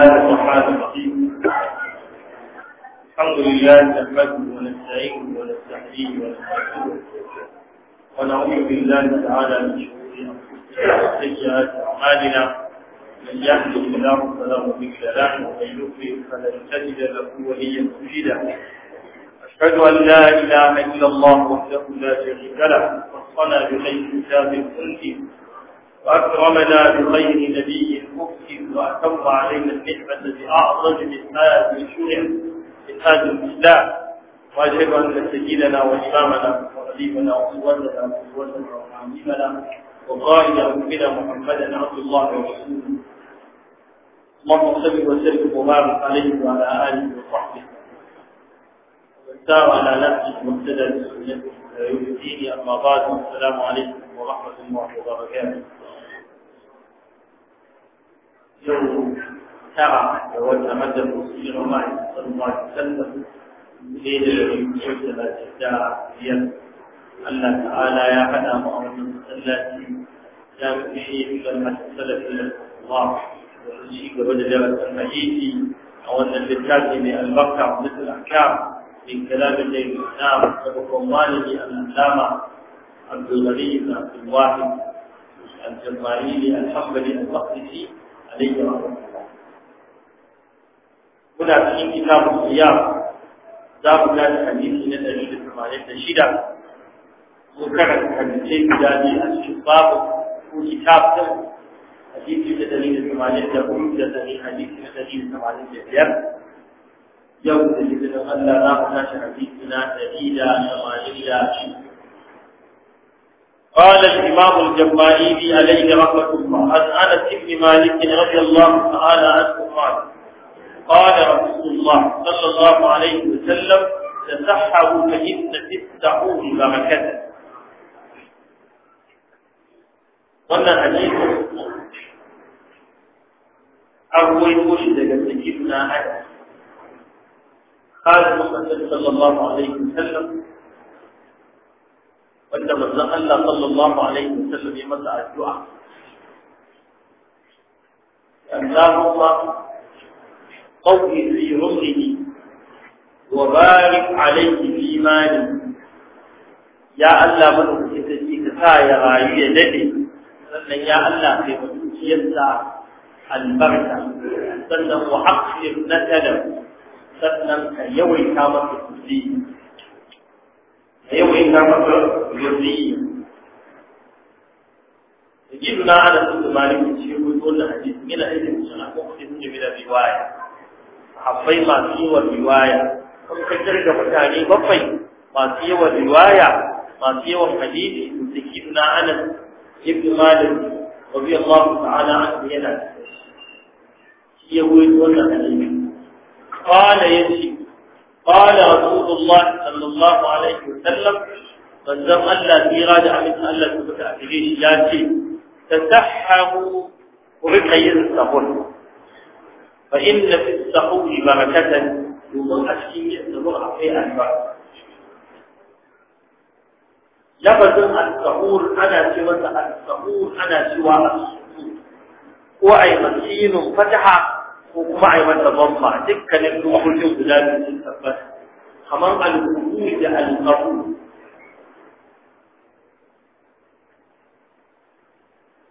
الله الرحمن الرحيم الحمد لله نحمده ونستعينه ونستحييه ونستغفره ونعوذ بالله تعالى من شرور انفسنا وسيئات اعمالنا من يهده الله فلا مضل له ومن يضلل فلن تجد له وليا مرشدا أشهد أن لا إله إلا الله وحده لا شريك له وصنى بخير كتاب كله وأكرمنا بخير نبي المفتي وأتم علينا النعمة بأعظم من هذا شرع من هذا الإسلام وأشهد أن سيدنا وإمامنا وحبيبنا وأسوتنا وأسوتنا وعليمنا وقائد أمنا محمدا عبد الله ورسوله اللهم صل وسلم وبارك عليه وعلى آله وصحبه وسار على نفسه مقتدى بسنته لا يؤذيني أما بعد والسلام عليكم ورحمة الله وبركاته يوم ترى وجه مدى رسول الله صلى الله عليه وسلم ليلة يوم ترى Allah ta'ala ya faɗa mu a wannan masallaci ya fi yi kalmar salafin Allah da su ci gaba da darasin hadisi a wannan littafi mai albarka wa mutul ahkam min kalamin da yake na da babban malami al-allama Abdul Ghani ibn Abdul Wahid al-Jabbari al-Hanbali al-Maqdisi alaihi wa muna cikin kitabun siyam za mu ga hadisi na da da tamanin shida. mun karanta hadisi guda biyu a cikin babu ko kitab da hadisi da tamanin da kuma da dalilin hadisi da tamanin da biyar yau da dalilin Allah za mu tashi hadisi na da da tamanin 186 قال الإمام الجمائيلي عليه رحمة الله عن أنس بن مالك رضي الله تعالى عنه قال قال رسول الله صلى الله عليه وسلم تسحروا فإن في بركة قلنا hadisi an waito shi daga cikin قال محمد صلى الله عليه وسلم da manzon Allah sallallahu alaihi wasallam ya masa addu'a Allahumma qawwi fi rumrihi wa barik alayhi fi mali ya Allah madaukakin sarki ka sa ya rayu ya dade sannan ya Allah kai mutunciyarsa albarka sannan wa aqfir nasalahu sannan ka yawaita masa kuɗi yau in na maka gaziyi da gidu na ana sun da malikin ce ko zo na hadis mina aikin shi na kuma kudin jami da riwaya habbai masu yawan riwaya kuma kan da mutane bakwai masu yawan riwaya masu yawan hadisi da gidu na ana ibn malik radiyallahu ta'ala anhu yana shi ya goyi wannan hadisi qala yace قال رسول الله صلى الله عليه وسلم فالزم ألا رادع من ألا في أفريش ياتي تسحروا وبكي السحر فإن في السحور بركة يضر أشكي يضر في أنفع لفظ السحور أنا سوى السحور أنا سوى السحور وأي مسكين فتح ko kuma a yi mata bamfa dukkanin dokokin guda biyu sun tabbata kamar alkuhu da alkafu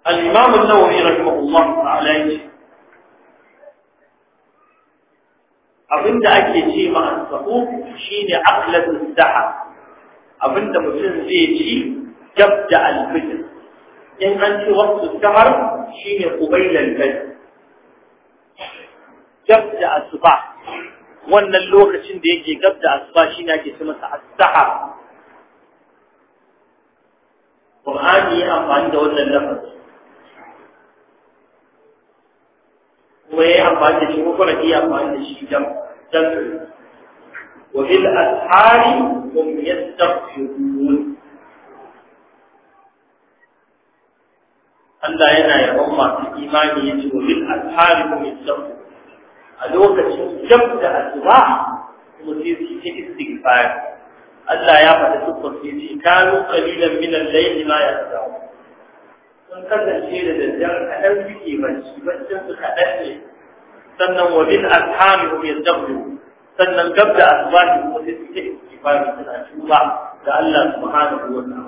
الإمام النووي رحمه الله تعالى abinda ake ce ma asabu shine aqlatu daha abinda mutum zai ji, gab da alfitr in an ce waqtu sahar shine qubayl al gab da asuba wannan lokacin da yake gab da asuba shi ne ake ce masa as-sahar Qur'ani ya amfani da wannan lafazi kuma ya amfani da shi ko kuma ya amfani da shi dan dan wa bil ashari hum yastaghfirun Allah yana yabon masu imani yace wa bil ashari hum yastaghfirun a lokacin jam da asuba mutum su ci istighfar Allah ya faɗa tukkur sai ce kanu qalilan min al-layli ma yasau sun kasance da daddare kaɗan suke bacci baccin su kaɗan ne sannan wa bil ashamihum yadabbu sannan gab da asuba ne kuma sai suke istighfar suna tuba da Allah subhanahu wa ta'ala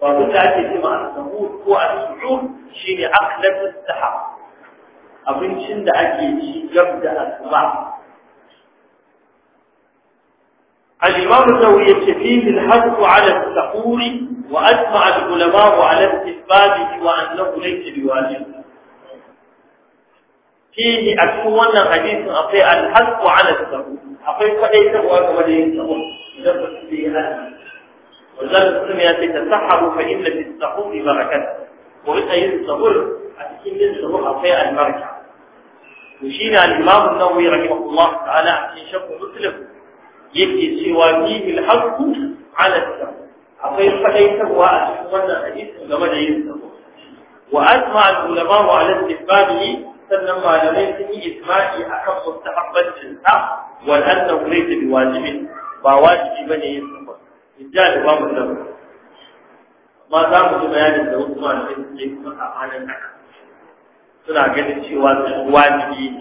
wa kuma ake cewa as-suhur ko as-sujud shine aqlatu as-sahab abincin da ake ci gab الإمام النووي فيه الحق على السحور وأجمع العلماء على استحبابه وأنه ليس بواجب فيه أكون حديث أطيع الحق على السحور أقول فليس هو وليس هو لم تستيها والذل سمي تتسحر فإن في السحور بركته وإن السحور أتكلم سحور أطيع وشينا الإمام النووي رحمه الله تعالى في شرح مسلم يبدي سوى الحق على السبب أقول فليسوا أشهرنا حديث لما جيسوا وأجمع العلماء على استحبابه سلم على ليسه إسماء أحب مستحبا للحق ولأنه ليس بواجب فواجب من يسمى جاء الإمام النووي ما دام بيان الزوج مع الإسلام على الحق suna ganin cewa su wajibi ne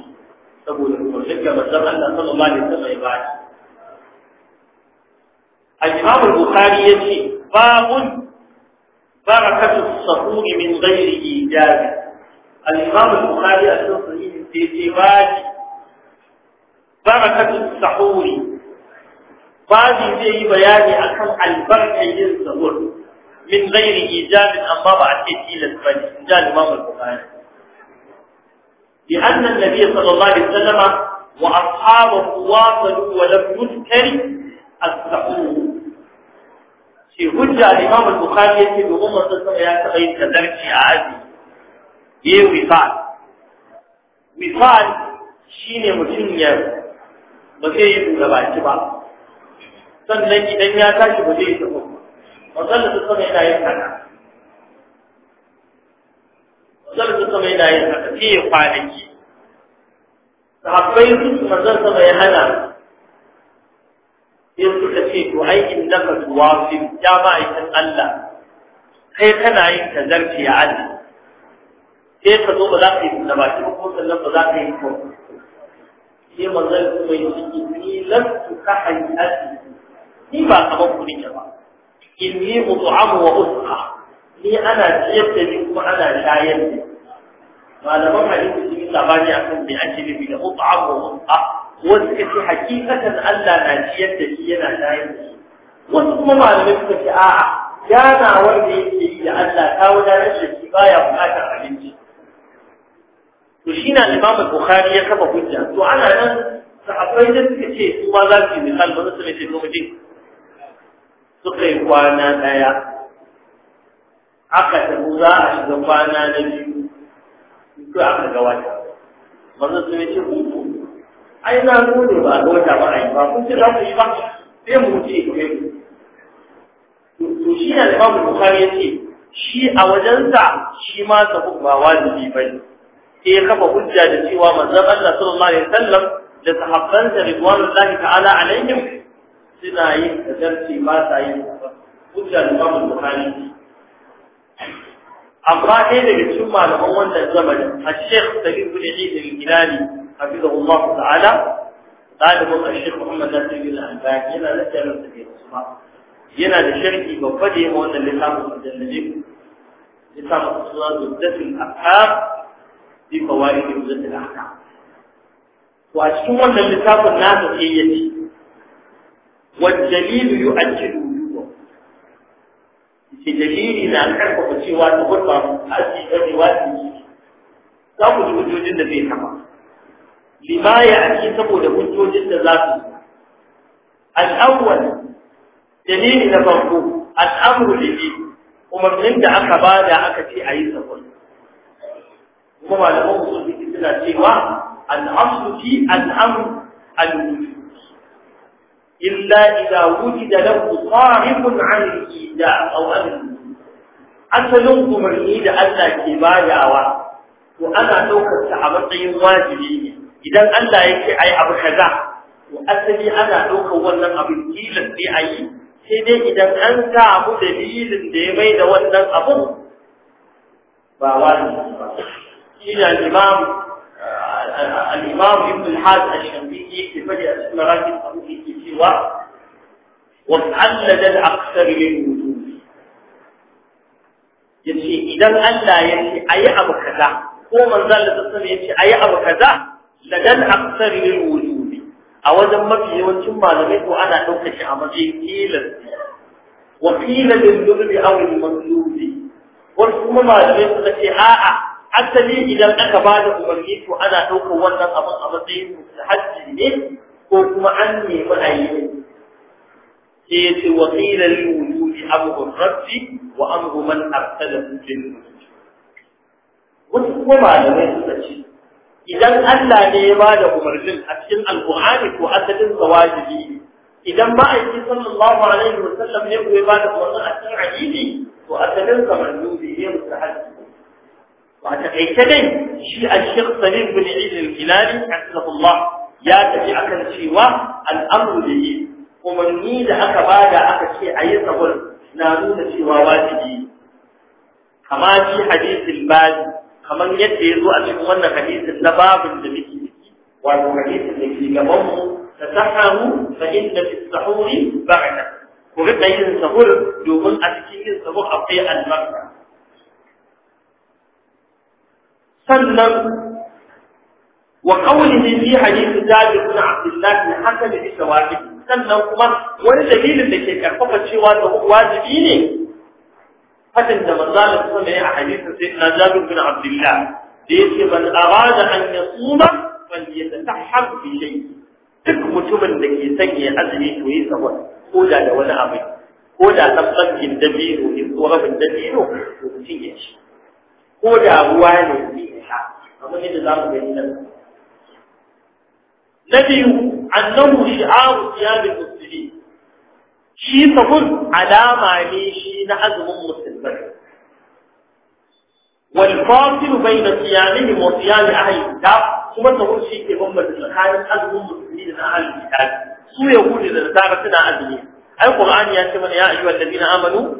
saboda kullum ga manzon Allah sallallahu alaihi wasallam ya bani al-Imam al-Bukhari yace babun barakatu as-sahur min ghairi ijab al-Imam al-Bukhari a cikin sahihin sai ce baji barakatu as-sahur zai yi bayani akan albarkar yin sahur min amma ba a ce tilas in لأن النبي صلى الله عليه وسلم وأصحابه واصلوا ولم يذكر السحور في هجة الإمام البخاري يتي بغمة الصحيات غير كذلك عادي هي وصال وصال شين متن يوم ba zai yi buɗe baki ba sannan idan ya tashi ba zai yi tafi ba sallar su sama yana yin haka zan sama yana yin haka sai ya kwanaki sahabbai su su manzon sama ya hana sai suka ce to ai innaka tuwafin ya ma'aikin Allah kai kana yin tazarci ya Allah sai ka zo ba za ka yi da baki ba ko sannan ba za ka yi ko sai manzon sama ya ce ni lastu ka hayati ni ba kamar ku nike ba inni mut'amu wa usqa ni ana ciyar da ni kuma ana shayar da malaman hadisi sun yi labari akan me ake nufi da mut'am wa mut'a wasu suka ce hakikatan Allah na ciyar da shi yana shayar da shi wasu kuma malamai suka ce a'a gana wanda yake yi da Allah ta wadatar da shi baya bukatar abinci to shi na Imam Bukhari ya kafa hujja to ana nan sahabbai da suka ce su ma za su yi misal ba su ne ce to mu je suka yi kwana ɗaya. aka tafi za a shiga kwana na biyu ko aka ga wata su sun ce hutu ai na gode ba ga wata ba ai ba kun ce za ku yi ba sai mu ce ku yi to shi ne Imam ya ce, shi a wajensa shi ma sabu ba wajibi bane ke kafa hujja da cewa manzo Allah sallallahu alaihi wasallam da sahabbansa ridwanullahi ta'ala alaihim suna yin tadarci ba sa yin hujja da Imam Bukhari amma ɗaya daga cikin malaman wannan zamanin a sheikh salim bin eid al-hilali hafizahullah ta'ala ɗalibin a sheikh muhammad nasir bin al-albani yana da tsarin da ke ba yana da sharki babba da yawa wannan littafin mujallabi littafin suna zuddatul ahkam bi fawaid zuddatul ahkam to a cikin wannan lissafin littafin nasa sai yace yi يؤجل da dalili na karfafa cewa da gurba aji da riwayi za ku ji hujjojin da zai kama lima a ake saboda hujjojin da za su al'awwal dalili na farko al'amru libi umarnin da aka ba da aka ce a yi sabon kuma malaman usul suna cewa al'amru fi al'amru al إلا إذا وجد له صارف عن الإيداء أو أمن أسلم كمرني دا ألا كبايا وا وأنا توقف سعبطين واجبين إذا ألا يكي أي أبو كذا وأسلي أنا توقف وانا أبو الديلة في أي سيدي إذا أنت أبو دليل ديمين وانا أبو باوالي إلى الإمام الإمام ابن الحاج الشنبيكي في فجأة اسم راجل أبو الأسوأ وافعل لدى الأكثر للوجود yace idan Allah ya ce ayi abu kaza ko manzon Allah sallallahu ya ce ayi abu kaza ladan aksar lil wujud a wajen mafi yawancin malamai ko ana dauka shi a matsayin kilan wa kilan lil dhurbi aw lil maqlubi wasu kuma malamai suka ce a'a asali idan aka bada umarni to ana daukar wannan abin a matsayin mustahabbi ne ko kuma an nemi a yi sai ya ce wa qila lil wujudi amru rabbi wa amru man arsalahu lil wujudi wasu kuma malamai suka ce idan Allah ne ya ba da umarnin a cikin alƙur'ani ko asalin sa wajibi idan ma'aikin sallallahu alaihi wa sallam ne ko ya ba da umarnin a cikin hadisi to asalin sa mandubi ne mustahabi Ba ta kai dai shi a shekh salim bin ilil hilali hafizahullah ya tafi akan cewa al'amru da yi umarni da aka bada aka ce a yi sabon na nuna cewa wajibi kama fi hadisin kamar yadda ya zo a cikin wannan hadisin na babin da muke ciki wato hadisin da ke gaban mu ta sahamu fa inna fi sahuri ba'da ku rika yin sahur domin a cikin yin sahur akwai albarka sannan وقوله في حديث جابر بن عبد الله بن حسن بسواجب sannan kuma wani dalilin da ke karfafa cewa da wajibi ne Hadin da manzalin kuma ne a hadisin sai na jabir bin abdullah da yake ban arada an yasuma fal yatahab bi shay duk mutumin da ke sanya azumi to yi sabon ko da da wani abu ko da tabbakin dabiru in ko rabin dabino to mutum ya ci ko da ruwa ne ya sha kamar yadda za mu gani nan نبي أنه شعار قيام المسلمين شيء تقول علامة ليشي نعزم المسلمين والفاصل بين صيامهم وصيام أهل الكتاب ثم تقول شيء امه بالمخالف أزم المسلمين من أهل الكتاب سوء يقول إذا نتابتنا أزمين القرآن يا يا أيها الذين آمنوا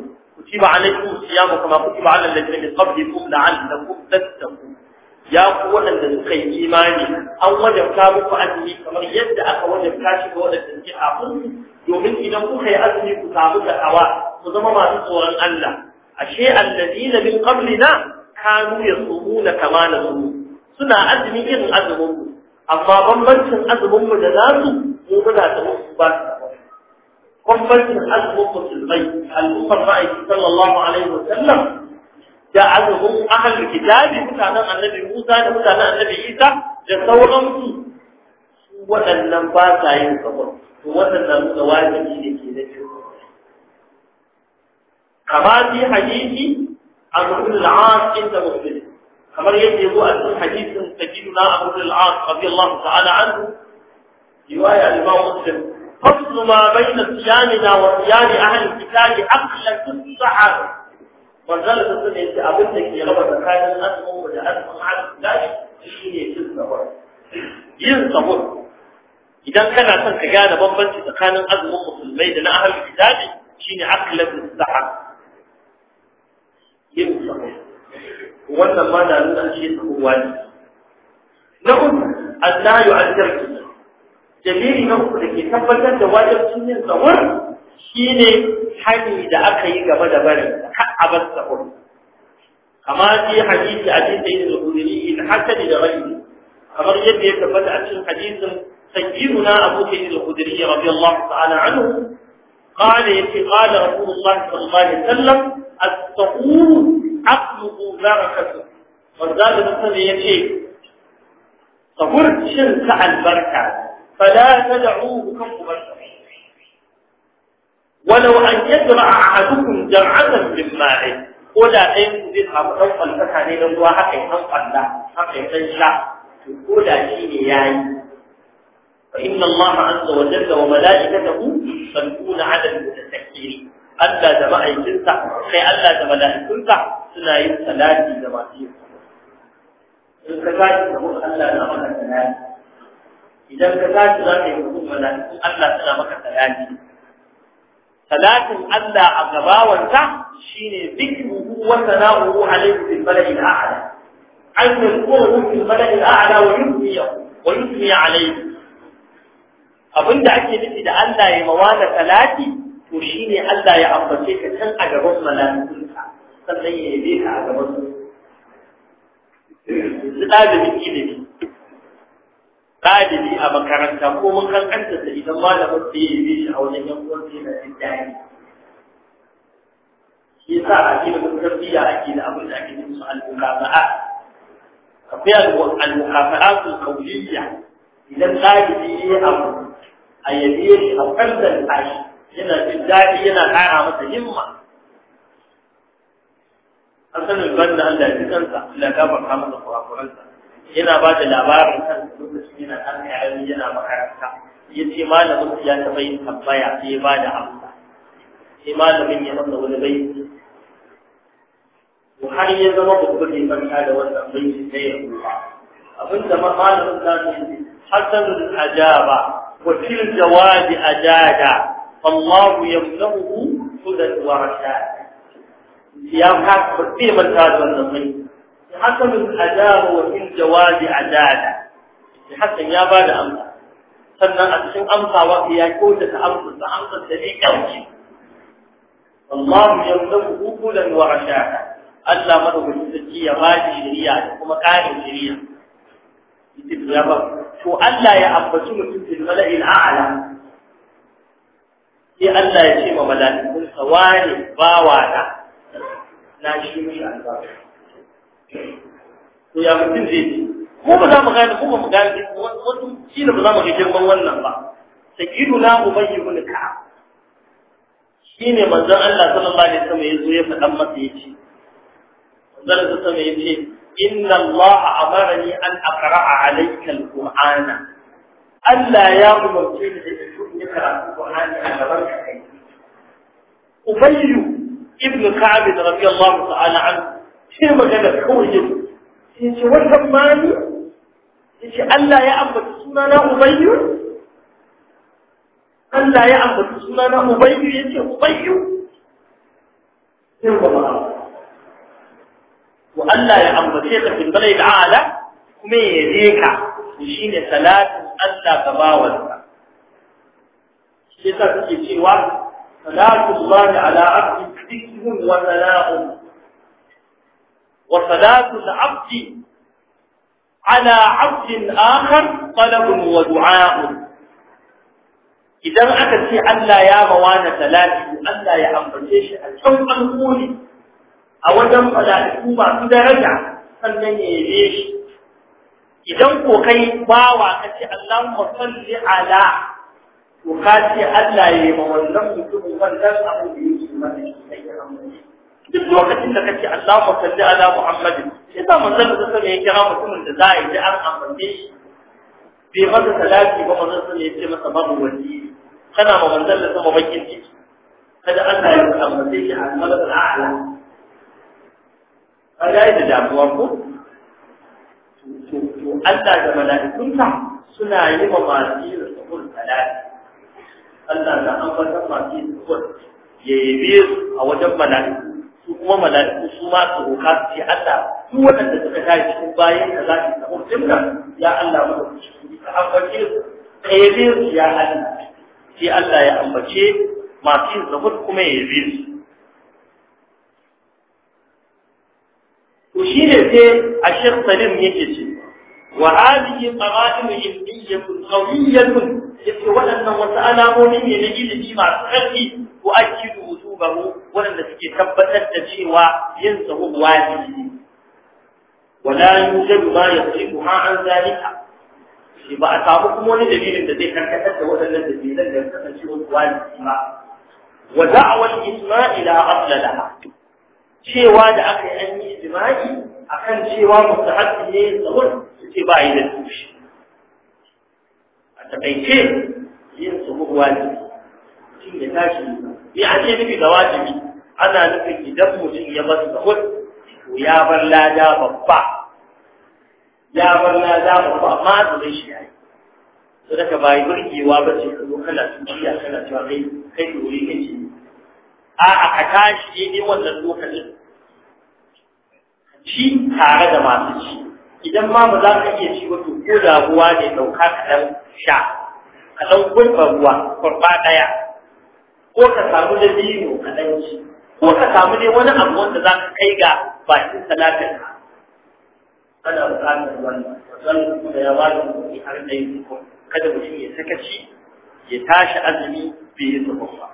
كتب عليكم الصيام كما كتب على الذين من قبلكم لعلكم تتقون ya ku waɗanda suka yi imani an wajabta muku azumi kamar yadda aka wajabta shi ga waɗanda suke kafin domin idan kuka yi azumi ku samu awa ku zama masu tsoron Allah ashe alladina min qablina kanu yasumuna kama nasu suna azumi irin azumin mu amma bambancin azumin mu da nasu mu muna da wasu ba bambancin azumin musulmai al'ummar ma'aiki sallallahu alaihi wa sallam ja'alhum ahlul kitabi mutanen annabi Musa da mutanen annabi Isa da sauran su waɗannan ba sa yin sabon to waɗannan da wajibi ne ke da cewa kama fi hadisi Amr bin al-As inda Muslim kamar yadda yazo a cikin hadisin sayyidina Amr bin al-As radiyallahu ta'ala anhu riwaya Imam Muslim فصل ما بين صيامنا وصيام أهل الكتاب عقلا تصبحا manzala ta sun yace abin da ke raba tsakanin azumin mu da azumin shi ne yin sabur yin sabur idan kana son ka gane bambanci tsakanin azumin musulmai da na ahlul kitabi shine aqlatu sahab yin sabur wannan ma na nuna shi kowa wani. na uku Allah ya aljarki dalili na uku da ke tabbatar da wajibcin yin sabur shine hani da aka yi game da barin ka abas sahur kama shi hadisi a cikin sayyid al in hasani da ghaibi kamar yadda ya tabbata a cikin hadisin sayyiduna abu sayyid al-khudri radiyallahu ta'ala anhu قال يتي قال رسول الله صلى الله عليه وسلم السحور أقلب بركته والذات مثلا يتي سحور شنس البركة فلا تدعوه كم بركته walau an yajra ahadukum jar'atan min ma'i ko da ɗayan ku zai samu ɗan kwalfata ne na ruwa haka yi ɗan kwalla haka yi ɗan sha ko da shi ne ya yi fa inna allaha azza wa jalla wa mala'ikatahu yusalluna 'ala al-mutasakkirin Allah da ma'aikinsa sai Allah da mala'ikunsa suna yin da in ka Allah maka idan ka za yi Allah suna maka Talatin Allah a gabawansa shine zikruhu wa sana'uhu alayhi a mala'i al-a'la an yuzkuruhu fil mala'i al-a'la wa yusbihu wa yusmi alayhi da ake nufi da Allah ya mawana salati to shine Allah ya ambace ka can a gaban mala'ikunsa sannan ya yabe ka a gaban su da da ilimi ɗalibi a makaranta ko mun da idan malamin da ya yi shi a wajen yan uwan sai na jin daɗi shi yasa a cikin tarbiyya ake da abin da ake yin su al-mukafa'a akwai al-mukafa'atul qawliyya idan ɗalibi ya yi abu a yabe shi a kanzan tashi yana jin daɗi yana ƙara masa himma an sanin banda Allah ya ji kansa Allah ya gafarta masa kurakuransa yana ba da labarin kan lokacin yana harka ayoyi yana makaranta ya ce malamin ya taɓa yin tambaya ya ba da amsa sai malamin ya nuna wani bai har ya zama babban ne ya da wannan bai ta ya ruwa abinda malamin ta ce hasanul ajaba wa fil jawabi ajada الله يمنعه هدى ya يا حق في من هذا bai. hasanun ajaba wa min jawabi adala hasan ya bada amsa sannan a cikin amsawa ya kyauta ta amsa ta amsa ta ne kyauci Allah ya zama hukulan wa rashaka Allah madaukakin sarki ya ba shi shari'a da kuma ƙarin shari'a ita ya to Allah ya Allah ya ce ma mala'ikun sawani bawa na na shi mishi albarka to ya mutum zai yi ko ba za mu gane ko ba mu gane wasu kila ba za mu ga girman wannan ba sakidu na ubayyi ibn ka'ab shine manzon Allah sallallahu alaihi wasallam yazo ya faɗan masa ya yace manzon Allah sallallahu alaihi wasallam ce, inna Allah amarani an aqra'a alayka al-qur'ana Allah ya umarce ni da in karatu qur'ani a gaban ka kai ubayyi ibn ka'ab radiyallahu ta'ala anhu sai magana kawai ya sai ce wannan mani ya ce Allah ya ambata suna na ubayyu Allah ya ambata suna na ubayyu ya ce ubayyu sai ba ma wa Allah ya ambace ka fil balai da'ala kuma ya yi ka ne salatin Allah ga bawansa shi yasa suke cewa salatu Allah ala abdi dhikru wa salamu وصلاة العبد على عبد آخر طلب ودعاء idan aka ce Allah ya mawa na talati Allah ya ambace shi a can alƙoli a wajen mala'iku masu daraja sannan ya yabe shi idan ko kai bawa ka ce Allahumma salli ala to ka ce Allah ya yi ma wannan mutumin wannan abu da yake mana shi sai ya ambace duk lokacin da kace Allahumma salli ala Muhammad sai da manzon da sai ya kira mutumin da za a yi an ambace shi bai masa salati ba manzon sai ya ce masa babu wani kana ma manzon da sama bakin ciki kada Allah ya ambace shi a malakal a'la kaga da damuwa ko to Allah da mala'ikunsa suna yi ma masu yin sabon salati Allah na ambata masu yin sabon ya yabe su a wajen mala'ikunsa su kuma mala'iku su ma su roƙa su ce Allah su waɗanda suka tashi cikin bayan da za su samu jimna ya Allah mu da su ka ambace su ka su ya Allah sai Allah ya ambace masu yin zuhud kuma ya yabe su to shine sai a Sheikh Salim yake ce قوية يتولى أنه وتعالى مؤمنين إلى masu تخلي tu'akkidu wujubahu wanda suke tabbatar da cewa yin sahur wajibi ne wala yujad ma ha an zalika shi ba a samu kuma wani dalilin da zai karkatar da da dalilan da kasancewar wajibi ba wa da'awar isma'ila qabla laha cewa da aka yi an yi jima'i akan cewa mustahabbi ne sahur suke ba yi da tushe a taƙaice yin sahur wajibi mutum ya tashi me ake nufi da wajibi ana nufin idan mutum ya bar sahur to ya bar lada babba ya bar lada babba amma azumin shi yayi to daga bai burgewa ba ce kuma kana tuciya kana cewa kai kai dole kace a a ka tashi ne wannan lokacin ci tare da masu ci idan ma ba za ka iya ci to ko da ruwa ne dauka kaɗan sha ka kaɗan gurɓa ruwa kurɓa ɗaya ko ka samu da biyu a ɗanci ko ka samu ne wani abu wanda za ka kai ga bakin talatin ka kada buƙatar wannan wannan kuma ya ba da kuɗi har da yin kada mutum ya sakaci ya tashi azumi bai yi sabon ba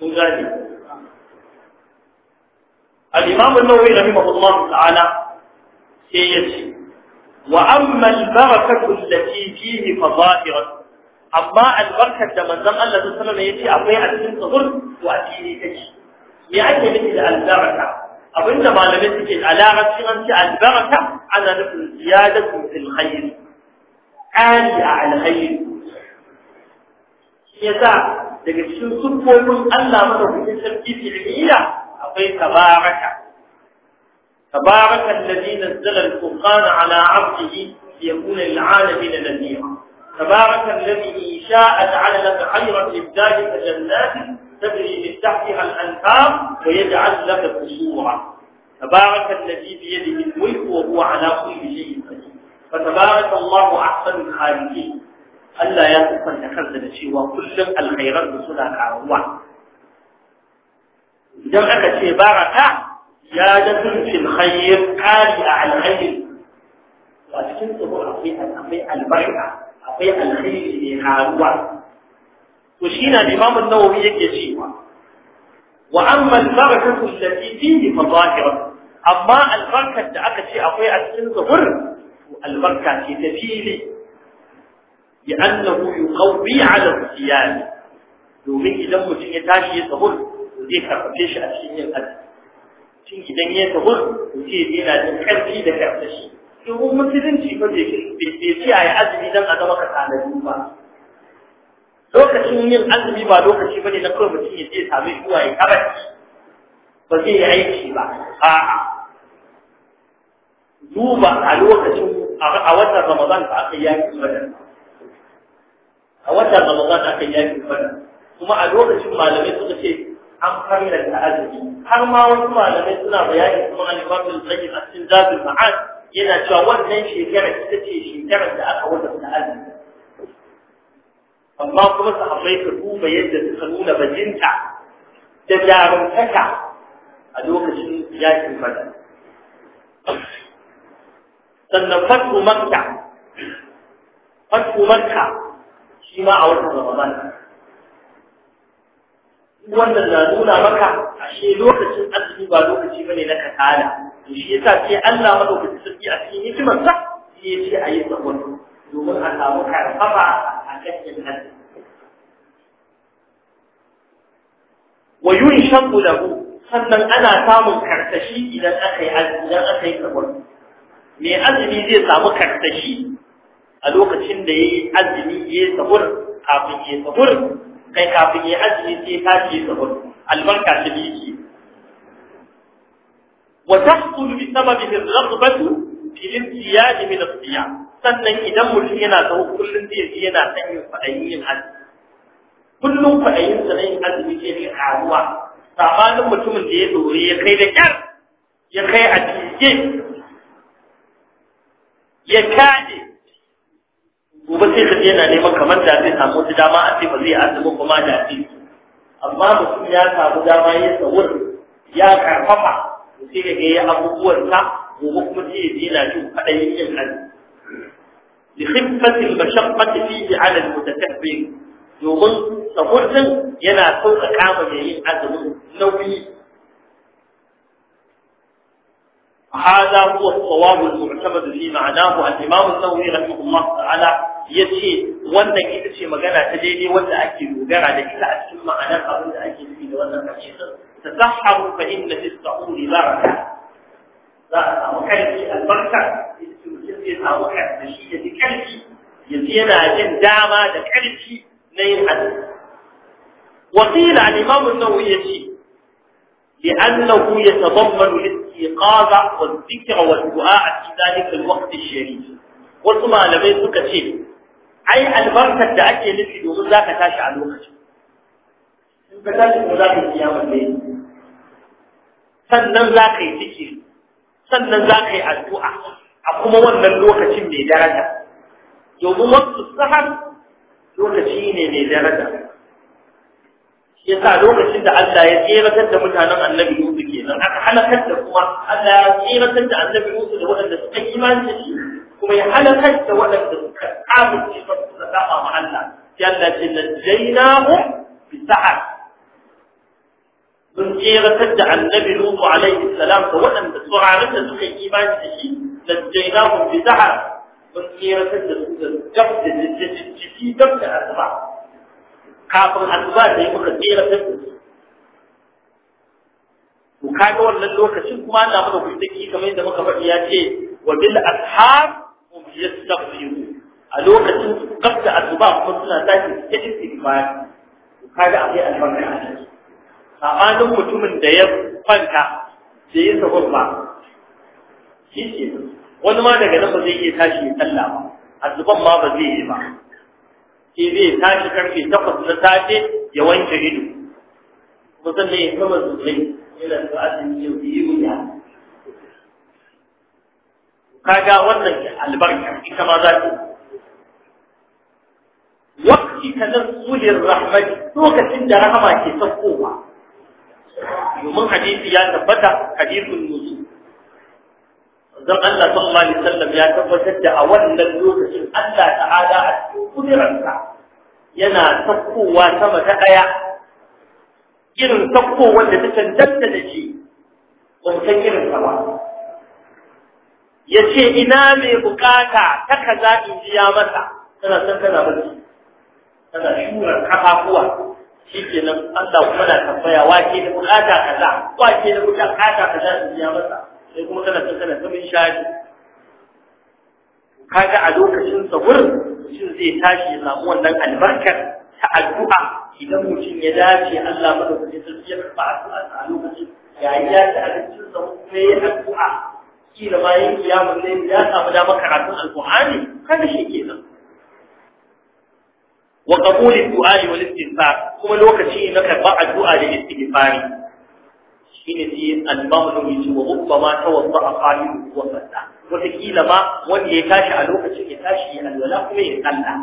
mun gane al-imam an-nawawi rahimahullah ta'ala sai ya ce wa amma al-barakatu allati fihi fadha'iratu amma albarkar da manzon Allah sallallahu alaihi wasallam yace akwai a cikin zuhur to a cikin take me ake nufi da albarka abinda malamai suke alaƙa cikin an ce albarka ana nufin ziyadatu fil khair ƙari a alkhair yasa daga cikin sufofin Allah madaukakin sarki fi'liya akwai tabaraka tabaraka alladhi nazzala al-furqana ala 'abdihi liyakuna lil 'alamin nadhira تبارك الذي ان شاء جعل لك خير الابداع فجنات تبري من تحتها الانهار ويجعل لك قصورا تبارك الذي بيده الملك وهو على كل شيء قدير فتبارك الله احسن الخالقين الا يصف ان اخذ نفسي وكل الخيرات بصدق اروع جمع كشي بارك زيادة في الخير قال على العلم وأسكنت بأطيع الأطيع البركة akwai alkhairi ne haruwa to shi na Imam an-Nawawi yake cewa wa amma al-barakatu allati fihi fa zahira amma albarkar da aka ce akwai a cikin zuhur to albarka ce ta fili bi annahu yuqawwi ala al-siyam domin idan mutum ya tashi ya zuhur zai karfafe shi a cikin yin azumi idan ya zuhur to sai yana da karfi da karfashi domin musulunci ba bai kiyaye azumi don a zama ka tanadi ba lokacin yin azumi ba lokaci bane na kawai mutum ya je sami zuwa ya karanci ba zai yi aiki ba a duba a lokacin a watan ramadan da aka yaki badar a watan ramadan da aka yaki badar kuma a lokacin malamai suka ce an da azumi har ma wasu malamai suna bayani kuma al-imam al a cikin jazil ma'ad yana cewa wannan shekarar ita ce shekarar da aka wata na azumi amma kuma sahabbai ka duba yadda suka nuna bajinta da jarumtaka a lokacin yakin badar sannan fatu makka fatu makka shi ma a watan ramadan wannan na nuna maka ashe lokacin azumi ba lokaci bane na kasala to shi yasa sai Allah madaukaki sarki a cikin hikimar sa sai ya ce a yi sabon domin a samu karfafa a cikin nan wa yunshaqu lahu sannan ana samun karsashi idan aka yi idan aka yi sabon me azumi zai samu karsashi a lokacin da yayi azumi yayi sabon kafin yayi sabon kai kafin yayi azumi sai ka ci sabon albarka ta biki وتحصل بسببه الرغبة في الازدياد من الصيام sannan idan mutum yana tsawo kullum zai ji yana son yin fa'ayin yin azumi kullum fa'ayin sa yin azumi ke ne karuwa sabanin mutumin da ya dore ya kai da kyar ya kai a cije ya kaje gobe sai ka yana neman kamar da zai samu wata dama a ce ba zai azumi kuma da amma mutum ya samu dama ya tsawur ya karfafa sai ya abubuwan abubuwansa gobe kuma sai ya je na jin kadan yin hannu li khiffati al-mashaqqati fihi 'ala al-mutakabbir domin yana sauƙaƙa ma mai yin azumin nauyi هذا هو الصواب المعتمد في معناه الإمام النووي رحمه الله تعالى yace wannan ita ce magana ta daidai wanda ake dogara da ita a cikin ma'anar abin da ake nufi da wannan hadisin تسحروا فإن في السحور بركة وكلبي البركة يسمى وقت مشية كلبي يزينا جن داما دا نين حدث وقيل عن الإمام النووي لأنه يتضمن الاستيقاظ والذكر والدعاء في ذلك الوقت الشريف وثم لمن suka ce ai albarkar da ake nufi domin zaka tashi a lokacin in ka sannan za ka yi zikiri sannan za ka yi addu'a a kuma wannan lokacin mai daraja domin wasu sahar lokaci ne mai daraja ya sa lokacin da Allah ya tseratar da mutanen annabi Yusuf nan aka halakar da kuma Allah ya tseratar da annabi Yusuf da waɗanda suka yi imani da shi kuma ya halakar da waɗanda suka amince ba su saba ma Allah sai Allah ce najjaynahu bi sahar mun tseratar da annabi Nuhu alaihi salam da waɗanda tsorarin da suka yi imani da shi da jainahu bi zahar mun tseratar da su da gab da jiki gab da asuba kafin asuba da muka tseratar da su to kaga wannan lokacin kuma Allah muka kuyi daki kamar yadda muka faɗi ya ce wa bil ashab hum yastaghfirun a lokacin gab da asuba kuma suna tashi cikin istighfar kaga akwai albarka a cikin sabanin mutumin da ya kwanta da ya sahur ba shi ce wani ma daga nan ba zai iya tashi ya talla ba azuban ma ba zai yi ba shi zai tashi karfe takwas na safe ya wanke ido kusan ne ya kama zubai yana da ya yau biyu ya kaga wannan albarka ita ma za ta waqti kana sulir rahmani lokacin da rahama ke saukowa domin hadisi ya tabbata hadisun musu zan Allah sallallahu alaihi wasallam ya tabbatar da a wannan lokacin Allah ta'ala a cikin kudiransa yana sakkowa sama ta daya irin sakkowar wanda ta cancanta da shi wancan irin sama ya ce ina mai bukata ta kaza in ji ya mata tana san tana barci tana kafafuwa shi ke nan Allah kuma na tambaya wake da bukata kaza wake da bukata kaza su biya masa sai kuma kana son kana samun shaji. kaga a lokacin sahur mutum zai tashi ya samu wannan albarkar ta addu'a idan mutum ya dace Allah madaukakin sarki ya karɓa addu'a a lokacin yayin ya ci abincin sahur kuma ya addu'a kila bayan kiyamun ne ya samu damar karatun alƙur'ani kada shi kenan wa qabulid du'a wal istighfar kuma lokaci na karba addu'a da istighfari shine shi al-imam al-Nawawi wa rubbama tawadda'a qalibu wa fata wata kila ma wanda ya tashi a lokacin ya tashi ya alwala kuma ya salla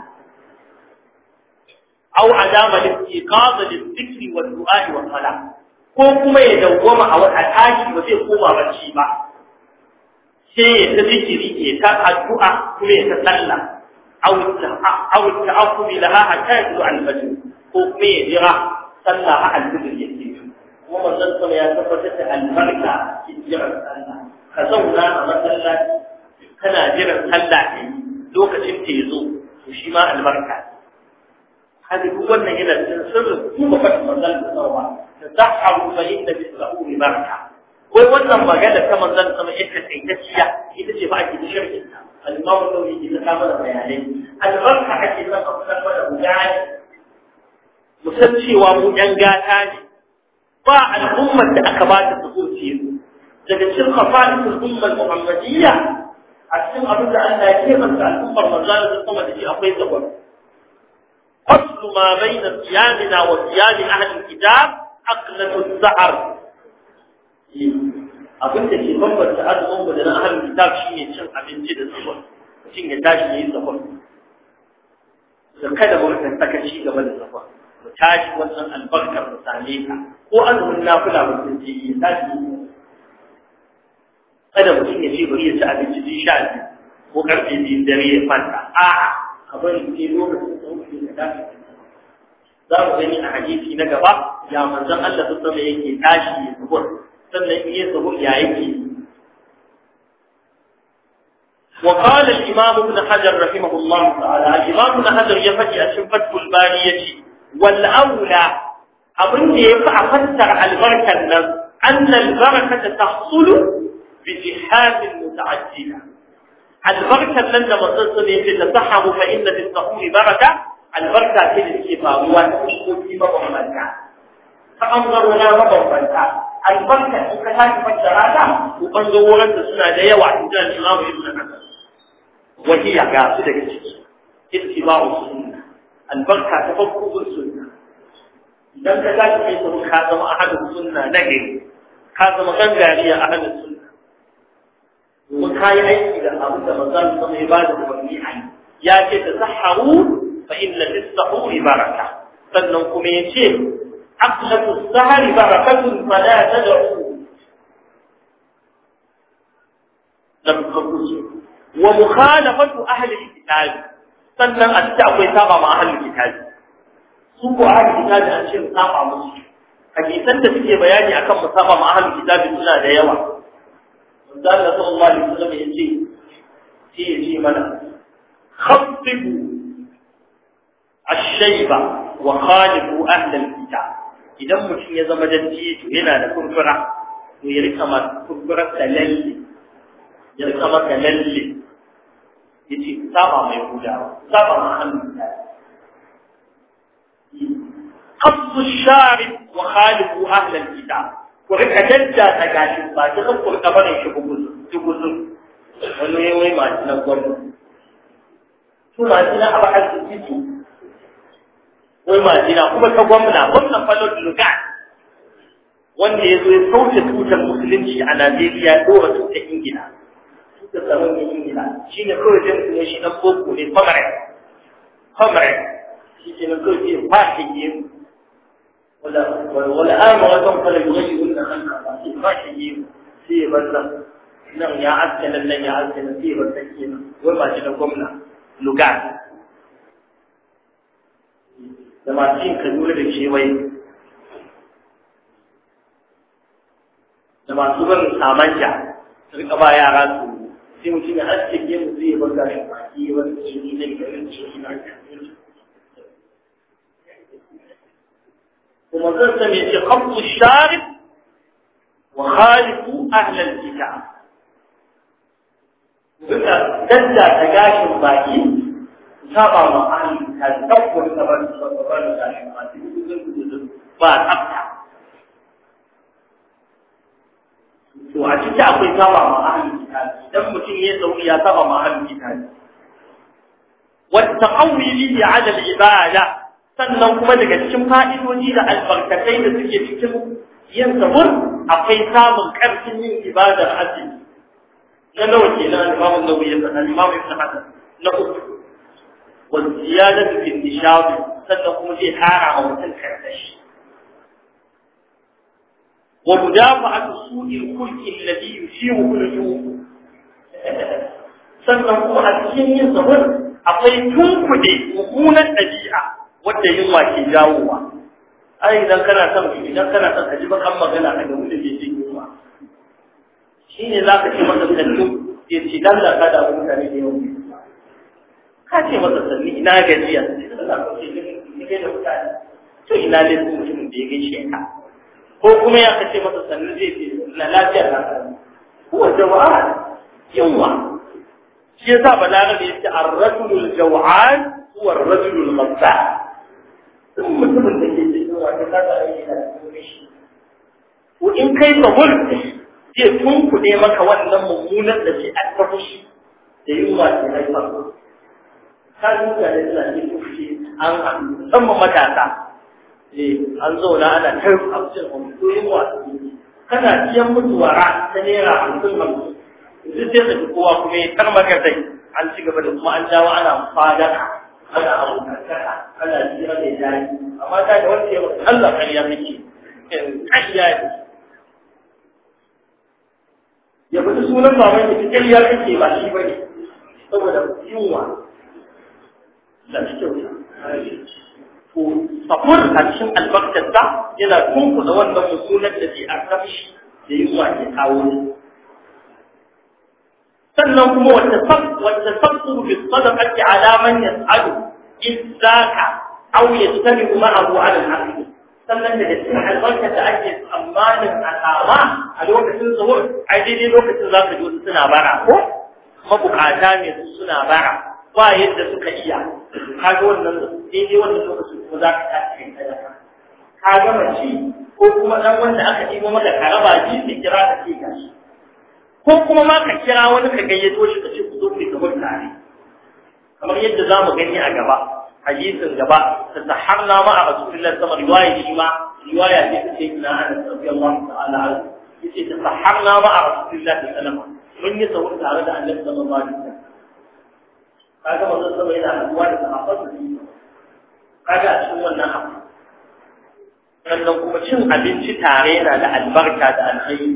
aw adama al-istiqaz lil-dhikri wad-du'a wa salat ko kuma ya dawwama a wata tashi ba zai koma barci ba sai ya ta zikiri ya ta addu'a kuma ya ta sallah aw ta'aqqu laha hatta yadu al ko kuma ya jira sallah a al-fajr yake kuma wannan kuma ya tabbatar da albarka cikin jiran sallah ka zauna a masallaci kana jiran sallah ne lokacin da yazo to shi ma albarka hadi duk wannan yana cikin sirrin kuma fatan manzon sallallahu barka wai wannan ta manzon sama ita kai ta ce ba ake shirkin المولوي اللي كان bayanai albarka ake san kusan wanda mujahid musan cewa mu yan gata ne ba al'ummar da aka ba ta zuciya daga cikin kafalatul ummar muhammadiyya a cikin abin da Allah ya kebanta al'ummar manzara da kuma da shi akwai zabar فصل ما بين صيامنا وصيام اهل الكتاب عقله السحر abin da ke bambanta azumin ku da na ahlul kitab shine cin abinci da zuwa cin ya tashi yayin sahur da kada mu rika shi gaba da sahur mu tashi wannan albarkar mu same ka. ko azumin nafila mutum ce ya tashi kada mutum ya ce bari ya ci abinci din sha biyu ko karfe biyu dare ya a a'a abin ke lokacin sahur ne da tashi za mu gani a hadisi na gaba ya manzon Allah sallallahu alaihi wasallam yake tashi ya zuhur sannan iya وقال الإمام ابن حجر رحمه الله تعالى الإمام ابن حجر يفجي أشم فتح الباني والأولى أبن يفع فسر البركة أن البركة تحصل بجهاز متعجلة البركة لن تصل في التسحب فإن في السحور بركة البركة في الكفار وتشكو في مبركة فأنظرنا مبركة albarkar in ka tashi fassara ta uban zuwuran da suna da yawa in ji imamu ibn anas wahiya ga su daga ciki ittiba'u sunna albarka ta farko bin sunna idan ka tashi kai sun ka zama ahadin sunna na gari ka zama gangariya ahadin sunna domin ka yi aiki da abin da manzon sama ya bada umarni a yi ya ce ta saharu fa inna fi sahuri baraka sannan kuma ya ce عقلة السهر بركة فلا تدعوه ومخالفة أهل الكتاب سنن أستعفي ثابة مع أهل الكتاب سوء أهل الكتاب أشير ثابة مصر حقيقة تفكي بياني أكبر ثابة مع أهل الكتاب إلا ديوة وقال لصول الله عليه وسلم يجي في إجي منا خطبوا الشيبة وخالفوا أهل الكتاب idan mutum ya zama to yana da kurkura to ya rika ma kurkurar da lalle ya rika maka lalle ya ce saba mai hudawa saba ma hannun da qassu shari wa khalifu ahlan kita ko rika jadda ta gashi ba ta kurkura bane shi guguzun wani wai ma na gwamnati to ma ina abu arziki wai majina kuma ta gwamna gwamnan falon lugan wanda ya zo ya sauke tutar musulunci a najeriya ya dora tutar ingila tutar tsaron ne ingila shi ne kawai jin kuma shi na koko ne famare famare shi ke na kawai ke fashe ke wala ama wajen falon gashi wanda kan kafa ke fashe ke sai banza nan ya aske nan ya aske nan sai banza nan, wai majina gwamna lugan da masu yin kaduna da kewaye da masu barin samanja su rika ba yara su sai mutum ya haske gemu zai bar da shi baki wani cini zai garin cini na kuma zan san yace qabdu sharif wa khalifu ahli al-kitab duka dadda ta gashin baki saba ma ta tabbata da ban sallallahu alaihi wa sallam ba tsafta to a cikin akwai saba ma ahlul kitabi idan mutum ya sauki ya saba ma ahlul kitabi wa ta'awili 'ala al-ibada sannan kuma daga cikin fa'idoji da albarkatai da suke cikin yin sabur akwai samun karfin yin ibadar azumi na nawa kenan imamu nawawi ya sanar imamu ibn hasan na uku والزيادة في النشاط تتقوم a على وطن كرتش ومدافعة سوء الخلق الذي يثيره الجوع sannan kuma a cikin yin zaman akwai tunkuɗe ɗabi'a wadda yunwa ke jawowa ai idan kana son idan kana son ka ji bakan magana a gaban da ke jin yunwa za ka ci masa kallo ya ci dan da mutane da yawa ka ce masa sanni ina gajiya to ina ne mutumin da ya gaishe ka ko kuma ya kace masa sanni zai ce na lafiya na huwa jawa'an yawa shi yasa balaga ne yace ar-rajulul jawa'an huwa ar-rajulul sun mutumin da ke cikin wata kasa aiki da shi ko in kai sabul zai tunkuɗe maka wannan mummunan da shi a ta fushi da yunwa ke haifar kan mutane suna yin fushi an musamman matasa eh an zauna ana tarif abincin hamsin wasu kana siyan mutuwa ra ta naira hamsin hamsin duk sai su kowa kuma ya tarmaka dai an ci gaba da kuma an dawo ana fadaka ana abokantaka ana jira mai daɗi amma ta da wanda ya Allah ƙarya miki eh, ƙarya ne ya fi sunan maman ya fi ƙarya kake ba shi ba ne saboda yunwa da shi kyauta to safur a cikin albarkarsa yana kunkuɗa wannan musulat da ke a kafishi da yi zuwa ke kawo ne sannan kuma wata sabtu bi sadaqati ala man yas'alu izzaka aw yastami'u ma'ahu ala al-aqli sannan da cikin albarka da ake tsammanin a sama a lokacin zuhur ai dai lokacin za ka ji suna bara ko mabukata ne suna bara ba yadda suka iya kaga wannan daidai wannan lokacin kuma za ka tashi kai sadaka ka ga mace ko kuma dan wanda aka ɗibo maka ka raba shi ka kira ka ce gashi ko kuma ma ka kira wani ka gayyato shi ka ce ku zo ku yi gaban tare kamar yadda za mu gani a gaba hadisin gaba ta taharna ma a rasulullah sama riwaya shi ma riwaya ce ta ce ina ana sallallahu ta'ala alaihi yace ta taharna ma a rasulullah sallallahu alaihi wasallam mun yi sahur tare da annabi sallallahu alaihi wasallam kaga wannan saboda yana haduwa da sahabban da su kaga a cikin wannan abu sannan kuma cin abinci tare yana da albarka da alkhairi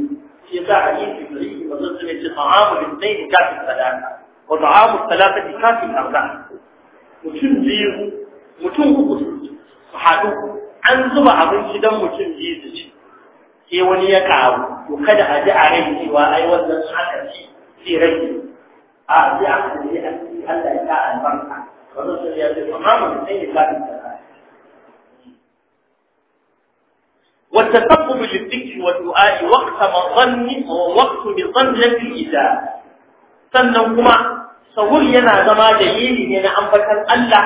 shi yasa hadisi sahihi manzon sun ce ta'amu lidayn kafin sadaka wa ta'amu salatati kafin arza? mutum biyu mutum uku su haɗu an zuba abinci don mutum biyu su ci sai wani ya ƙaru to kada a ji a rai cewa ai wannan haka ce sai rage a ya hadari a ciki Allah ya ta albarka wannan sun ya ce amma mun sai ya kafi والتثقب للذكر والدعاء وقت مظن ووقت بظنة الإجابة sannan kuma sahur yana zama dalili ne na ambatan Allah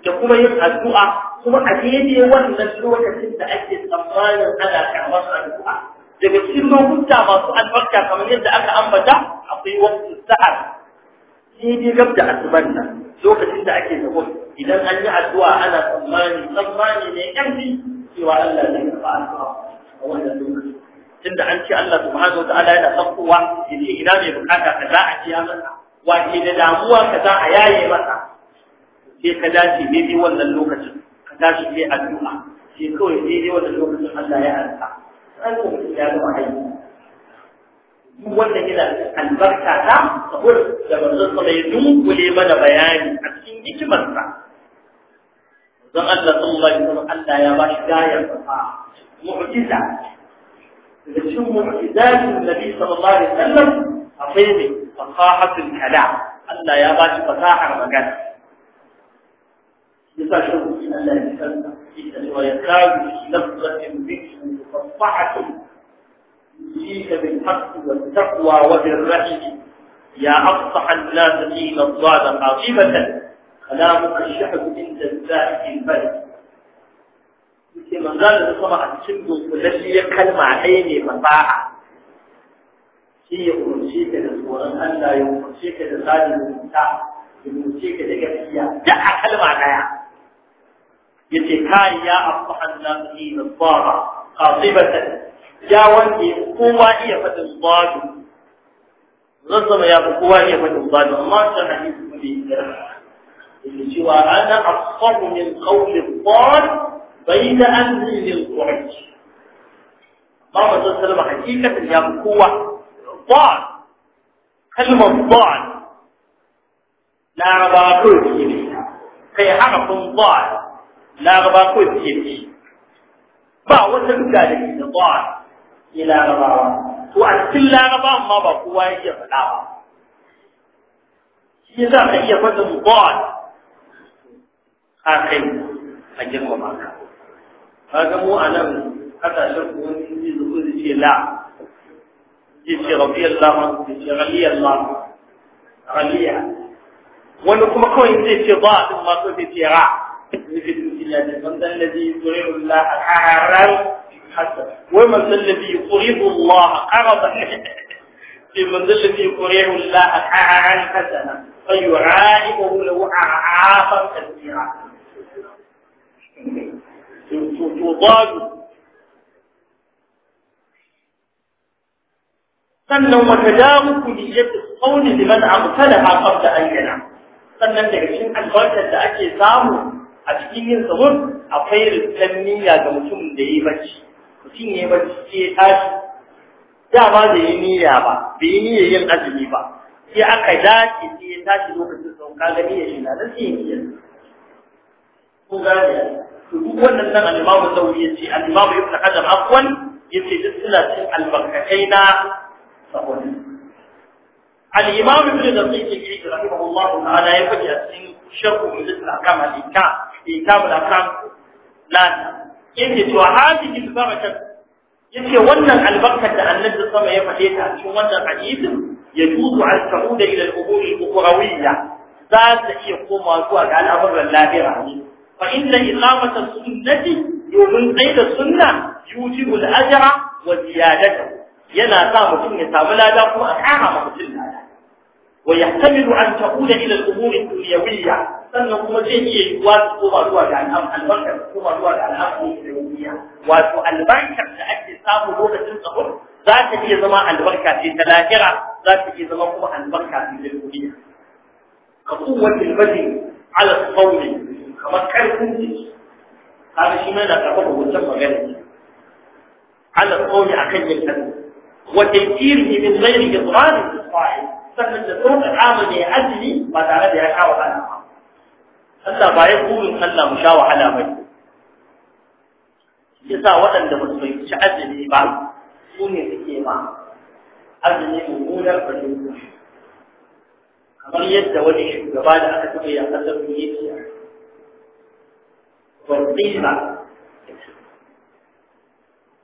da kuma yin addu'a kuma a daidai wannan lokacin da ake tsammanin ana karɓar addu'a daga cikin lokuta masu albarka kamar yadda aka ambata akwai wasu ta'ar. daidai gab da asuban nan lokacin da ake zagon idan an yi addu'a ana tsammani tsammani ne ƙarfi cewa Allah zai karɓa addu'a a wannan lokaci tunda an ce Allah subhanahu wa ta'ala yana sakkowa idan ina mai bukata ka za a ciya masa wa ke da damuwa ka za a yaye masa sai ka dace daidai wannan lokacin ka tashi kai addu'a sai kawai daidai wannan lokacin Allah ya ansa an ya gama aiki wannan yana albarka ta sahur da manzon sama ya dunkule mana bayani a cikin hikimarsa don Allah sallallahu alaihi wasallam Allah ya ba shi gayar fasaha mu'jiza da cikin mu'jizatin Nabi sallallahu alaihi wasallam akwai ne fasahatul kalam Allah ya ba shi fasahar magana yasa shi Allah ya san shi da ya kawo lafzatin bihi fasahatul فيك بالحق والتقوى وبالرحم يا أفصح الناس فينا الضعف عظيمة كلامك الشعب عند الزائد البلد في مزال الصمع الشمس والذي يكلم عيني مطاعة في يقرسيك لصورا أن لا يقرسيك لصاد المتاع يقرسيك لقفية جاء كلمة عيني يتكاي يا أفصح الناس فينا الضعف عظيمة ya wanke kowa iya faɗin zalu zan zama ya fi kowa iya faɗin zalu amma san hadisi ba bai da yake cewa ana afsahu min qawli dhal bayna anni lil qur'an amma manzon sallama hakikatan ya fi kowa dhal kalmar dhal laraba ko ne kai harafin dhal laraba ko ne ba wata duka da ke da dhal sai larabawa to a cikin larabawan ma ba kowa ya faɗa ba shi yasa ka iya faɗin god a kai a girmama ka ka ga mu a nan kuma sun yi zuwa ce la ce ce wani kuma kawai zai ce ba a cikin masu ce ra fi ya ce ban dan da zuwa حسن ومن ذا الذي يقرض الله قرضا في من ذا الذي يقرض الله قرعا حسنا فيعاقبه له اعاقا كثيرا تضاد sannan wata damu ku ne ya fi tsauni liman amsala a kwamta an yana sannan daga cikin albarkar da ake samu a cikin yin sahur akwai rikan niyya ga mutumin da ya yi bacci mutum ne ba sai ya tashi dama da yi niyya ba bai yi niyyar yin azumi ba sai aka dace sai ya tashi lokacin sau ka gani ya shiga da sai ya ko gane to duk wannan nan al-Imam ya ce al-Imam Ibn Hajar afwan ce duk suna cin albarkatai na sahoni al-Imam Ibn ke al-Jilani rahimahullahu ta'ala ya faɗi a cikin da al-Ahkam al-Ikam al-Ahkam lana yake cewa hadhihi al-baraka yace wannan albarkar da da sama ya faɗe ta cikin wannan hadisin ya juzu an ta'uda ila al-umuri al-ukhrawiyya za ta iya koma zuwa ga al'amuran lahira fa inna iqamata sunnati yumin qaida sunna yujibu al-ajra wa ziyadatahu yana sa mutum ya samu lada kuma a kama mutum lada ويحتمل أن تقول إلى الأمور الدنيوية أن مجيء واسع مروع عن البنك مروع عن أمور الدنيوية واسع البنك لأكتساب هذا الأمر ذات في زمان البركة في تلاهرة ذات في زمان هو البركة في الدنيوية كقوة البدن على الصوم كما كان كنت هذا شيء ما لا تعرفه وتسمى غيره على الصوم أكل البدن وتكثيره من غير إضرار الصاحب sannan da sauƙaƙa mu da ya azumi ba tare da ya sha wahala ba Allah ba ya burin Allah mu sha wahala ba yasa waɗanda ba su fahimci azumi ba su ne suke ma azumi mummunar fahimta kamar yadda wani shugaba da aka taɓa ya ƙasar Tunisia Gordina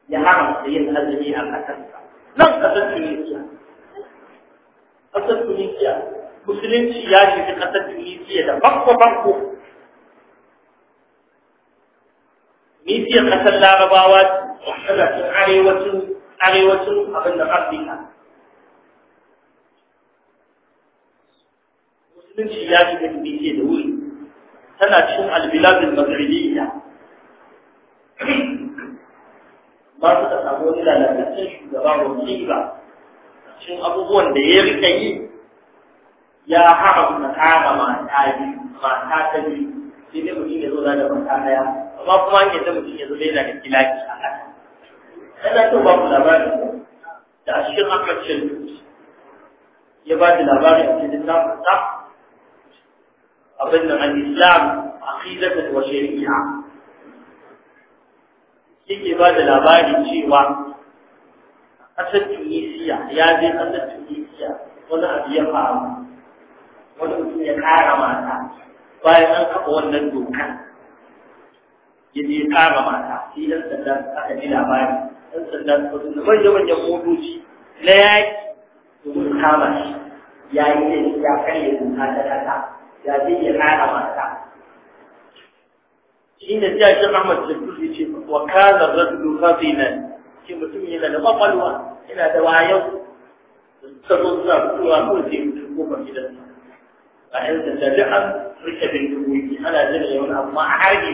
ya haramta yin azumi a ƙasarsa nan ƙasar Tunisia ƙasar tunisiya musulunci ya shiga ƙasar tunisiya da banko banko tunisiya ƙasar larabawa tana cin arewacin arewacin abin da afirka musulunci ya shiga tunisiya da wuri tana cin albiladin magharibiya ba su ka samu wani lalataccen shugaba wa ba cikin abubuwan da ya rika yi ya haɗa ƙara mata biyu mata ta biyu sai dai mutum ya zo da mata ɗaya amma kuma an yadda mutum ya zo yana da ki a ƙasa yana to ba ku labari da a cikin akacin ya ba da labarin a cikin zamanta abin da al-islam da wasu shari'a yake ba da labarin cewa asali Tunisiya ya je ƙasar Tunisiya wani abu ya faru wani mutum ya kara mata bayan an kafa wannan doka ya je kara mata shi ɗan sanda aka ji labari ɗan sanda su da manyan manyan motoci na yaƙi domin kama shi ya yi ne ya karye doka ta kasa ya je ya kara mata shi ne sai Ahmad Jakul ya ce wa kana rajulu nan. ce mutum yana da kwakwalwa yana da wayo sabon suna fitowa ko sai mutum ko ban gidansa a yan sanda duk an rike bindigogi ana jira yawan amma a harbe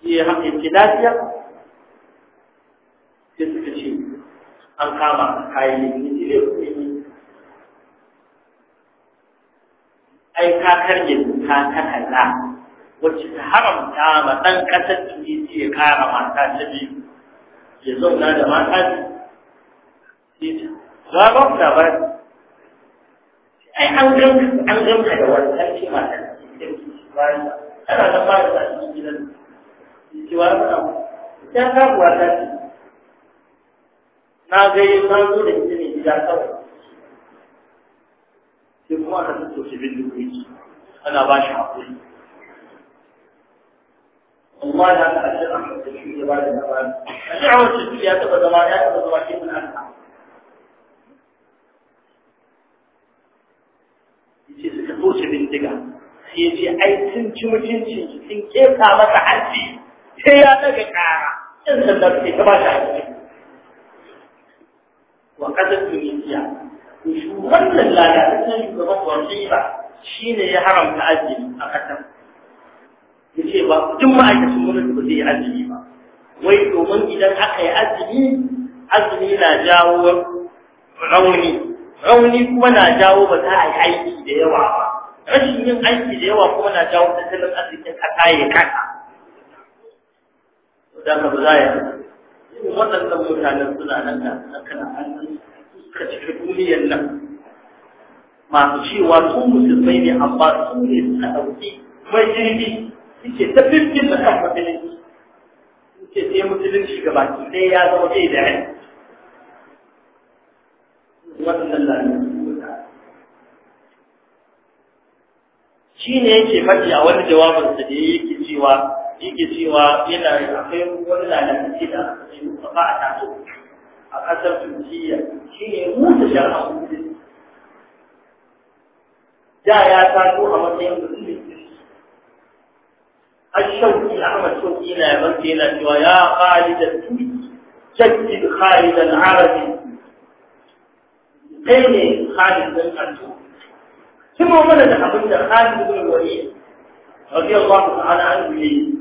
shi ya haka yake lafiya sai suka ce an kama kayan yi ne kuma ai ka karye ka ta wacce ta haramta ma ɗan ƙasar tunisi ya ƙara mata ta biyu ya zauna da mata ne ba ba ku labari ai an ganka an ganka da wani an ce mata da ke bayan ana da fara da shi gidan cewa ba ta karuwa ta ce na ga yi na zo da ita ne gida kawai sai kuma aka tattauce bin dubu ana ba shi haƙuri والله لا تأجل أحمد ya taɓa الأمان ya taɓa يا تبا زمايا تبا زمايا من أنها sai suka toshe bindiga sai ya ce ai sun ci mutuncin sun keta masa hanci sai ya daga kara in sannan sai ta bashi hanci wa kasar tunisiya shugaban lalla da sunan ba, shi ne ya haramta azumi a kasar ya ce ba duk ma'aikacin gwamnati ba zai yi azumi ba wai domin idan aka yi azumi azumi na jawo rauni rauni kuma na jawo ba za a yi aiki da yawa ba rashin yin aiki da yawa kuma na jawo tattalin arzikin kasa ya kasa da ka ba za a yi waɗannan mutanen suna nan da kana an suka cika duniyar nan masu cewa sun musulmai ne amma su ne suka ɗauki mai jirgi yake ta fifkin na kafafilin yake sai musulunci ga ki ɗaya ya zama ɗaya da hain wannan lalata shi ne yake faɗi a wani jawabinsa da yake cewa yake cewa yana akwai wani lalatacce da aka yi ba a taso a ƙasar turkiyya shi ne mutu shara da ya taso a matsayin musulmi الشوقي أحمد شوقي لا يغلق إلى سوى يا خالد التوي جدد خالد العربي قيل خالد بن التوي ثم ولد حبيب خالد بن الوليد رضي الله تعالى عنه لي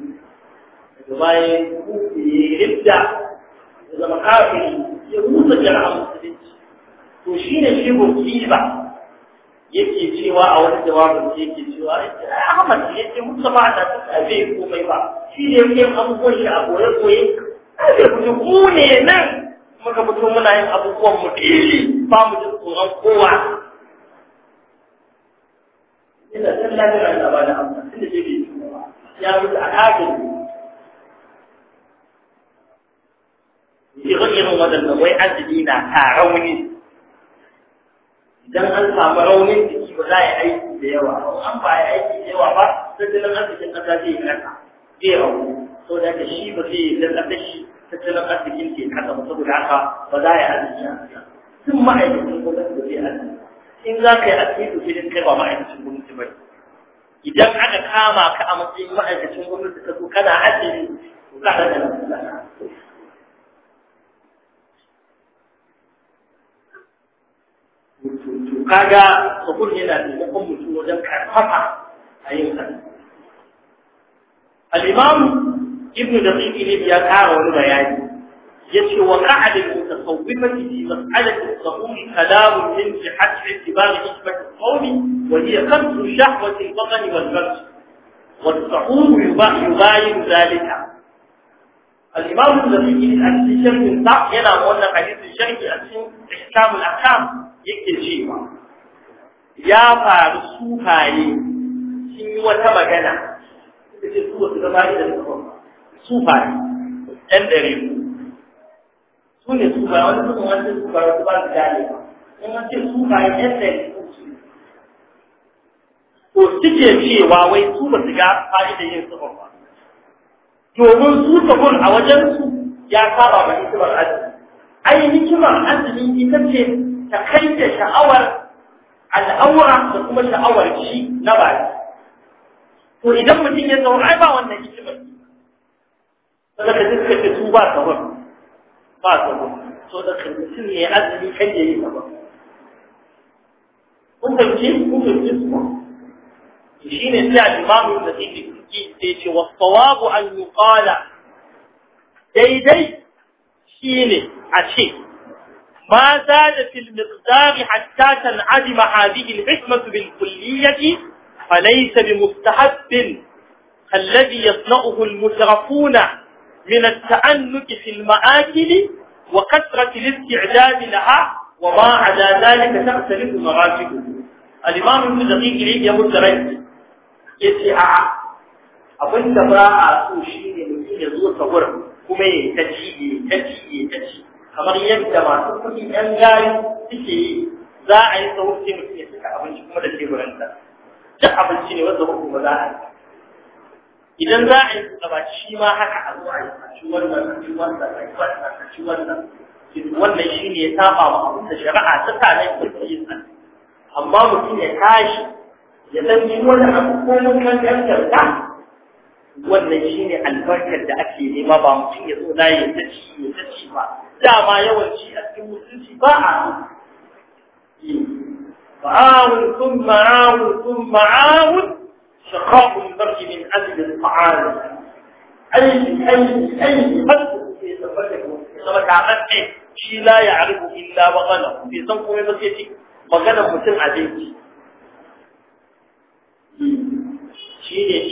باين كوفي يبدع إذا مقافل يموت جمع المسلمين وشين شبه كيبة yake cewa a wani jawabin da yake cewa Ahmad ya ce mutu ba da a abe komai ba shi ne yake abubuwan shi a goye-goye. koye ai mutum ku ne nan muka mutu muna yin abubuwan mu kili ba mu ji tsoron kowa ina san lafiyar da ba da amma tunda ke bi ya mutu a kafin irin irin wadanda wai azumi na tare wani idan an samu raunin jiki ba za a yi aiki da yawa an ba a yi aiki da yawa ba tattalin arzikin ƙasa zai yi ƙasa zai rauni sau da shi ba zai yi da shi tattalin arzikin ke ƙasa ba saboda haka ba za a yi arziki a sun ma'aikacin gwamnati ba zai arziki in za ka yi arziki to sai kai ba ma'aikacin gwamnati ba idan aka kama ka a matsayin ma'aikacin gwamnati ka zo kana arziki to za ka da lafiya kaga sukun yana taimakon mutum wajen karfafa a yin sa al-imam ibnu daqiq ne ya kara wani bayani yace wa qa'ad al-mutasawwifati fi mas'alat al-sahul kalam min jihati i'tibar hikmat al-qawl wa hiya qadru shahwati al-batn wal-farj والصحوم يباين ذلك الإمام الزبيدي الأنسي شرح النصح هنا مولى حديث الشرح الأنسي إحكام الأحكام يكتب شيء ya faru sufaye sun yi wata magana da ke su wasu zama da sufaye ɗan ɗare ku su ne sufaye wani suka wani sufaye ba su gane ba in an ce sufaye ɗan ɗare ku to suke cewa wai su ba su ga fa'idar yin sufa ba domin su tabun a wajen su ya saba ma hikimar azumi ai hikimar azumi ita ce ta kai da sha'awar al'aura da kuma sha'awar shi na baki to idan mutum ya zauna ai ba wannan hikimar sai ka ji kake su ba sabon ba sabon so da kan mutum ya azumi kan ya yi sabon kun fahimci kun fahimci su shi ne sai a imamu da tsibi الديك والصواب أن يقال ديدي شيني عشي ما زاد في المقدار حتى تنعدم هذه الحكمة بالكلية فليس بمستحب الذي يصنعه المترفون من التأنك في المآكل وكثرة الاستعداد لها وما على ذلك تختلف مراتبه الإمام المزقين عيد يقول رجل يسعى abinda ba a so shi ne mutum ya zo sahur kuma ya ta ci ya ta ci ya ta ci kamar yadda masu kuɗi ɗan gari suke yi za a yi sahur sai mutum ya saka abinci kuma da teburinsa duk abinci ne wanda hukun ba za a yi idan za a yi gaba shi ma haka a zo ya yi wannan a ci wannan a ci wannan a ci wannan wannan shi ne ya saba wa abin da shari'a ta sa ne kuma yi amma mutum ya tashi ya san ni wani abu ko mun kan kankan wannan shi ne albarkar da ake nema ba mutum ya zo na ya tace ya tace ba dama yawanci a cikin mutunci ba a fa'awun sun ma'awun sun ma'awun shakakun barki min azumin fa'awun aiki aiki aiki masu ke tabbatar da zama kamar ne shi la ya arifu illa magana bai san komai ba sai ce magana mutum abinci shi ne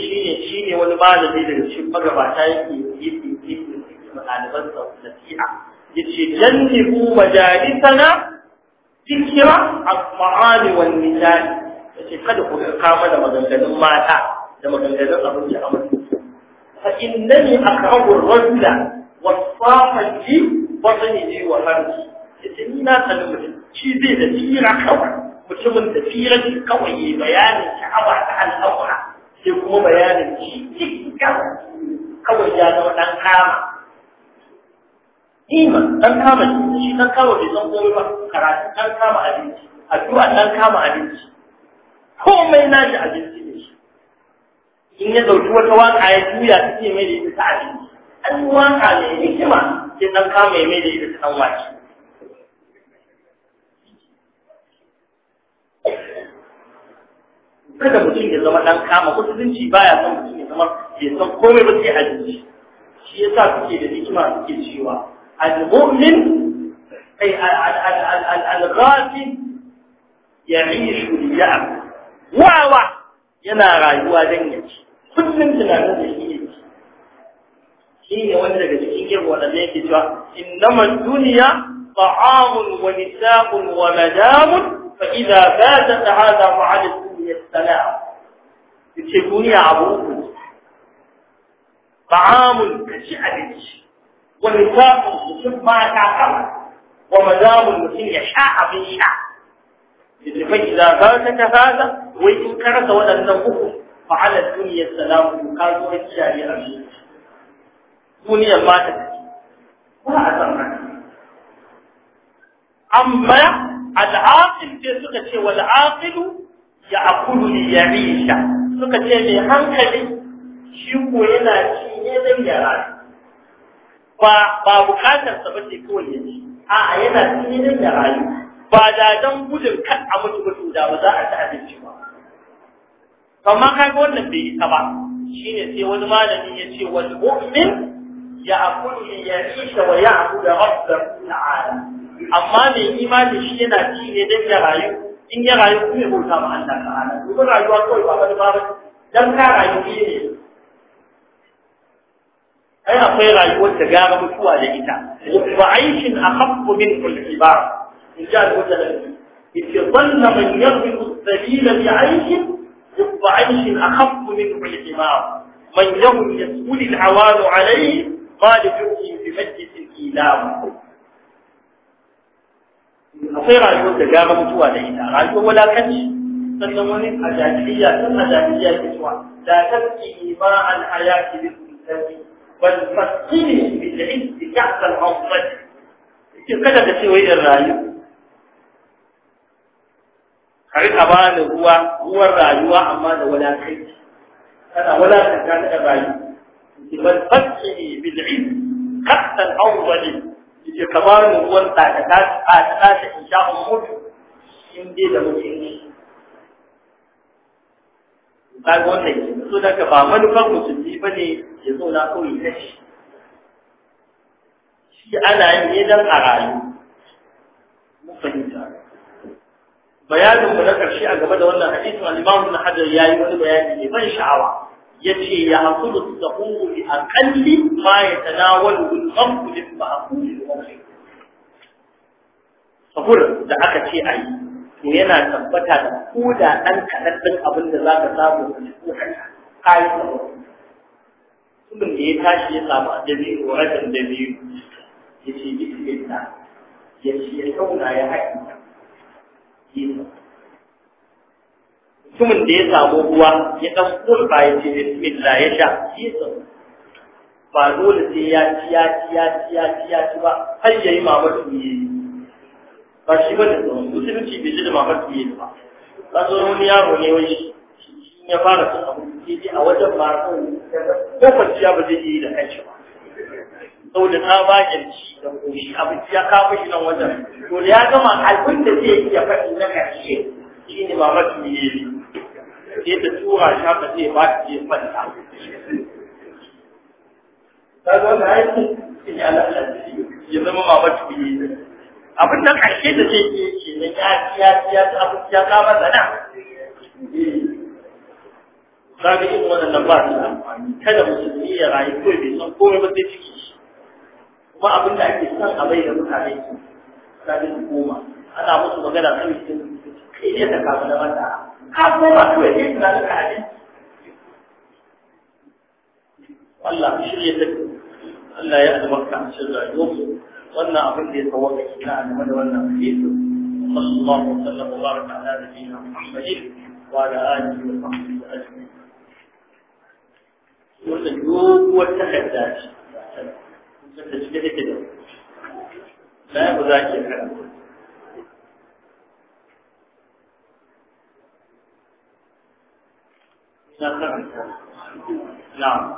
shi ne wani malami da shi magabata yake yi yi yi malaman sa nasiha yace janni ku majalisana zikira al-ma'ani wal nidal yace kada ku kama da maganganun mata da maganganun abinci a mutum fa innani akrahu ar-rajula wa safati wazani ji wa harji yace ni na kallon mutum shi zai da tsira kawai mutumin da tsira kawai yayi bayanin sha'awa ta al-awra sai kuma bayanin shi kawai ya zama ɗan kama ima ɗan kama shi ɗan kama bai zan komai ba karatu ɗan kama abinci addu'a ɗan kama abinci komai na shi abinci ne shi in ya ɗauki wata waka ya juya ta ce mai da ita ta abinci an waka mai hikima sai ɗan kama ya mai da ita ta ɗan wake kada mutum ya zama dan kama musulunci baya son mutum ya zama ya san komai ba sai hadisi shi yasa suke da hikima suke cewa al-mu'min ay al-ghafi ya'ishu liya'ab wawa yana rayuwa dan ya ci kullum tunanin da shi ne shi ne wanda daga cikin irin waɗanne yake cewa innamad duniya ta'amun wa nisa'un wa madamun fa idza fata hada fa'alat يطلع يتكون يعبوه طعام كشعبك ونفاق وصف ما تعقل ومذاب المسين يشاء بيشاء يتفج إذا فاتك هذا, هذا ويتكرك ولا نبوه فعلى الدنيا السلام وكان هو أما العاقل في سكة والعاقل ya akulu ya ya'isha suka ce mai hankali shi ko yana ci ne zai ya rayu ba ba bukatar sa bace kawai ya ci a a yana ci ne zai ya rayu ba da dan gudun kan a mutu mutu da ba za a ci abinci ba amma ko wannan bai isa ba shine sai wani malami ya ce wal mu'min ya akulu li ya'isha wa ya'budu rabbahu ta'ala amma mai imani shi yana ci ne dan ya rayu in ya rayu kuma ya bauta ma Allah ta'ala domin rayuwa kawai ba wani ba dan ka rayu ne ai akwai rayuwar da gara mutuwa da ita wa aishin akhaffu min al-ibar in ja al-wajh yace zanna man yarbu sabila bi aishin wa aishin akhaffu min al-ibar man yahum yasuli al-awal alayhi qad yu'ti bi majlis al-ilam akwai rayuwar da gara mutuwa da ita rayuwar wulakanci sannan wani a jahiliya san a jahiliya ke cewa la tabki ma al hayati bil kitabi wal fasili bil ilmi ka'sa al hawmat ki kada ka ce wai rayu kai ka ba ni ruwa ruwan rayuwa amma da wulakanci kana wulakanta da rayu wal fasili bil ilmi ka'sa al hawmat ya kamar ruwan tsakata tsakata ta in sha mutu in dai da Ba ga wannan so daga ba mutum musulmi ba ne ya zo na kawai na shi shi ana yin ne don a rayu fahimta bayanin mu na karshe a gaba da wannan hadisin al-Imam Ibn Hajar yayi wani bayani ne ban sha'awa yace ya da sahuru bi akalli ma yatanawalu al-khamr lil ma'qul sahur da aka ce ai to yana tabbata da da dan kadan din abin da zaka samu ko kana kai sahur kullum da ya tashi ya samu ajabi ko rajin da biyu yace bismillah yace ya kauna ya haƙi mutumin da ya samu ruwa ya ɗan kurba ya ce bismillah ya sha shi ba dole sai ya ci ya ci ya ci ya ci ya ci ba har ya yi mamar tuye ba shi ba da tsoron musulunci bai ji da mamar tuye ba ba su wani yaro ne wani shi ya fara su abu sai a wajen ma ko ya ba zai yi da kanshi ba saboda ta bayan ci da koshi abu ya kawo shi nan wajen to ya gama abin da zai iya faɗi na ƙarshe shi ne mamar tuye ne sai ta tura ta ba zai ba ta je fanta ta zo da aiki sai ya lalace ya zama ma wata abin nan karshe da zai ke ke na ya ya ya ta ya kama zana. na kaga irin ba su amfani kada musulmi ya rayu kawai bai san komai ba sai ciki kuma abin da ake son a bai da mutane ta bi ana musu magana kan kai ne ta kafa da mata كفرت وجبنا الحديث Allah shi shirye ta Allah ya albarka a cikin rayuwarsu wannan abin da ya tawaka kina a game da wannan hadisi sallallahu alaihi wa sallam baraka ala nabiyina Muhammadin wa ala alihi wa sahbihi ajma'in wannan duk wata hadda ce ta cike take da la ya ba za ki karanta نعم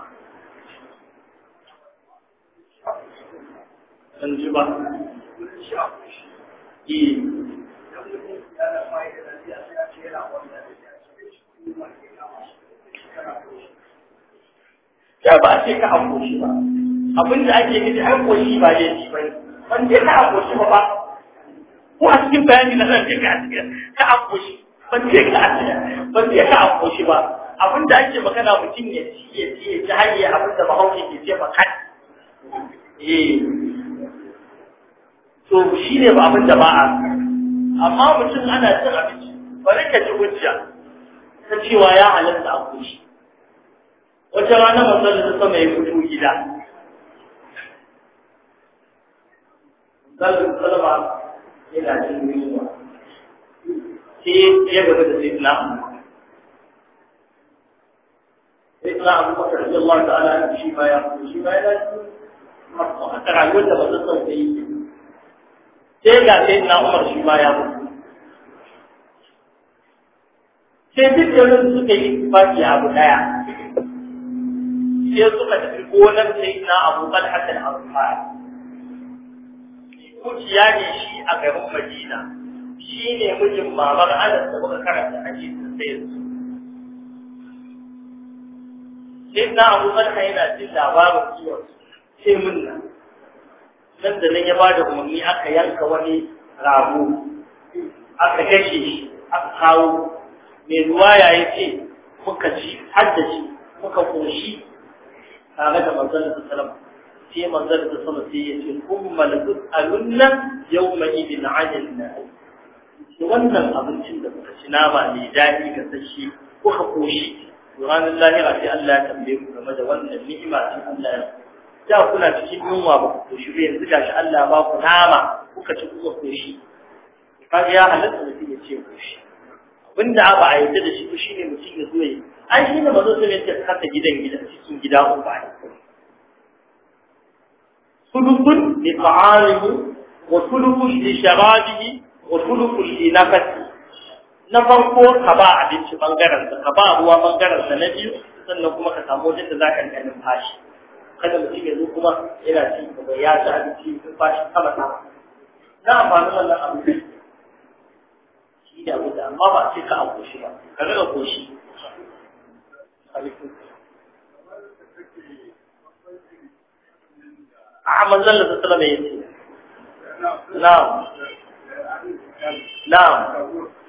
تنجبة إيه ya ba sai ka hankoshi ba abinda ake nufi hankoshi ba ya ci ba ban ce ka hankoshi ba ba ko a cikin bayani na zan je ka a cikin ka hankoshi ban ce ka a cikin ban je ka hankoshi ba abin da ake magana mutum ya ci ya ci ya ci abin da bahaushe ke ce ba kai so eh. to ne ba abin da ba a amma mutum ana cin abinci bari ka ci hujja ta cewa ya halatta a kushi wata rana masu da sama ya fito gida zalin salama yana cin yunwa sai ya gaba da sai na سيدنا أبو بكر رضي الله تعالى عنه شيء ما يأخذ مرفوع حتى عجوز بسيطة سيئة سيئة سيدنا عمر شيء ما يأخذ sai duk yawon suka yi tufafi abu daya sai suka tafi gonar sai na abu talhatar alfahar kuciya ne shi a garin madina shi ne mijin mamar anas da muka su Inna na abu barka yana jin labarin ciwon ce min nan nan da nan ya ba da umarni aka yanka wani rago aka kashe shi aka kawo mai ruwa ya ce muka ci haddaci muka ƙoshi. tare da manzon da sallama sai manzon da sallama sai ya ce umma la yau yawma idin anil na. wannan abincin da kuka ci nama mai daɗi ga sashi kuka ƙoshi. ranar lahira sai Allah ya tambaye ku game da wannan ni'ima ta Allah ya da kuna cikin yunwa ba ku koshi ba yanzu gashi Allah ba ku nama kuka ci kuka koshi kaga ya halatta mutum ya ce koshi abinda ba a yadda da shi ba shine mutum ya zo yi ai shine mazo sai ya kasa gidan gidan cikin gida ko ba sulukun li ta'alihi wa sulukun li sharabihi wa sulukun li nafsihi na farko ka ba abinci bangaren sa ka ba ruwa bangaren sa na biyu sannan kuma ka samu wajen da zaka ga numfashi kada mu ya zo kuma yana ci gaba ya ci abinci numfashi sama sama na amfani wannan abu shi da wuta amma ba sai ka akoshi ba ka rika koshi a zan da sallama yace na'am na'am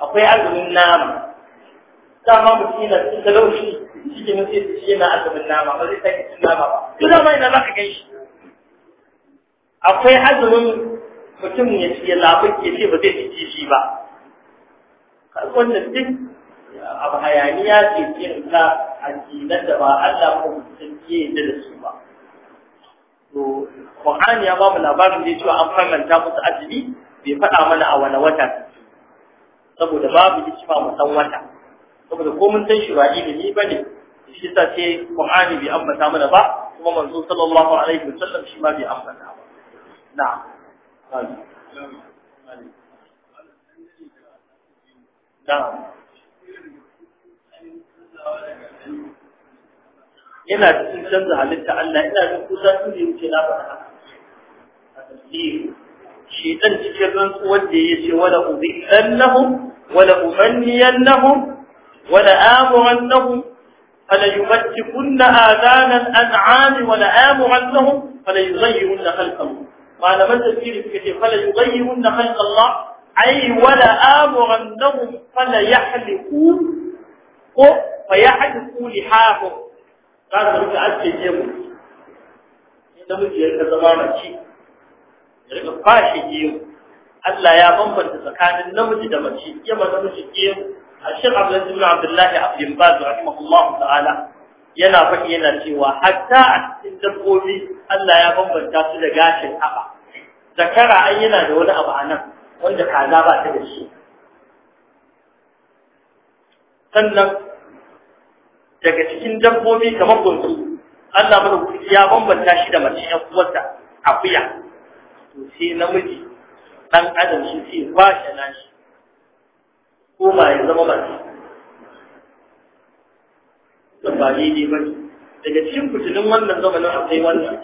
akwai azumin nama dama mu yana cikin talauci shi ke nufi da shi azumin nama ba zai sake cin nama ba duk dama na zaka gan shi akwai azumin mutum ya ci ya labu ke ce ba zai ci shi ba wannan duk abu hayaniya ce ce ta addinan da ba Allah ko mutum ke da su ba to Qur'ani ya ba mu labarin da cewa an farmanta musu azumi bai faɗa mana a wani wata saboda babu hikima mu san wata saboda ko mun san shi ba ni, bane shi yasa sai Qur'ani bai ambata mana ba kuma manzo sallallahu alaihi wasallam shi ma bai ambata ba na'am na'am yana cikin canza halitta Allah ina kusa tun inda yake na faɗa haka a tafsiri shi dan cikin rantsuwar da yace wala ubillannahum ولأمنينهم ولآمرنهم فليمتكن آذان الأنعام ولآمرنهم فليغيرن خلق الله وعلى من تذكير فكتير فليغيرن خلق الله أي ولآمرنهم فليحلقوا فيحلقوا لحاهم هذا هو أجل يموت namiji ya rika zama mace ya rika Allah ya bambanta tsakanin namiji da mace yamma miji ke Al-Sheikh Abdulaziz bin Abdullah Abdul Baz rahimahullah ta'ala yana faɗi yana cewa hatta a cikin dabbobi Allah ya bambanta su da gashin haka zakara an yana da wani abu a nan wanda kaza ba ta da shi sannan daga cikin dabbobi kamar gunsu Allah mana ya bambanta shi da mace ƴan uwarta akuya to sai namiji ɗan adam shi sai kwashe nashi ba ya zama masu da ba ni ne ba daga cikin fitilin wannan zamanin akwai wannan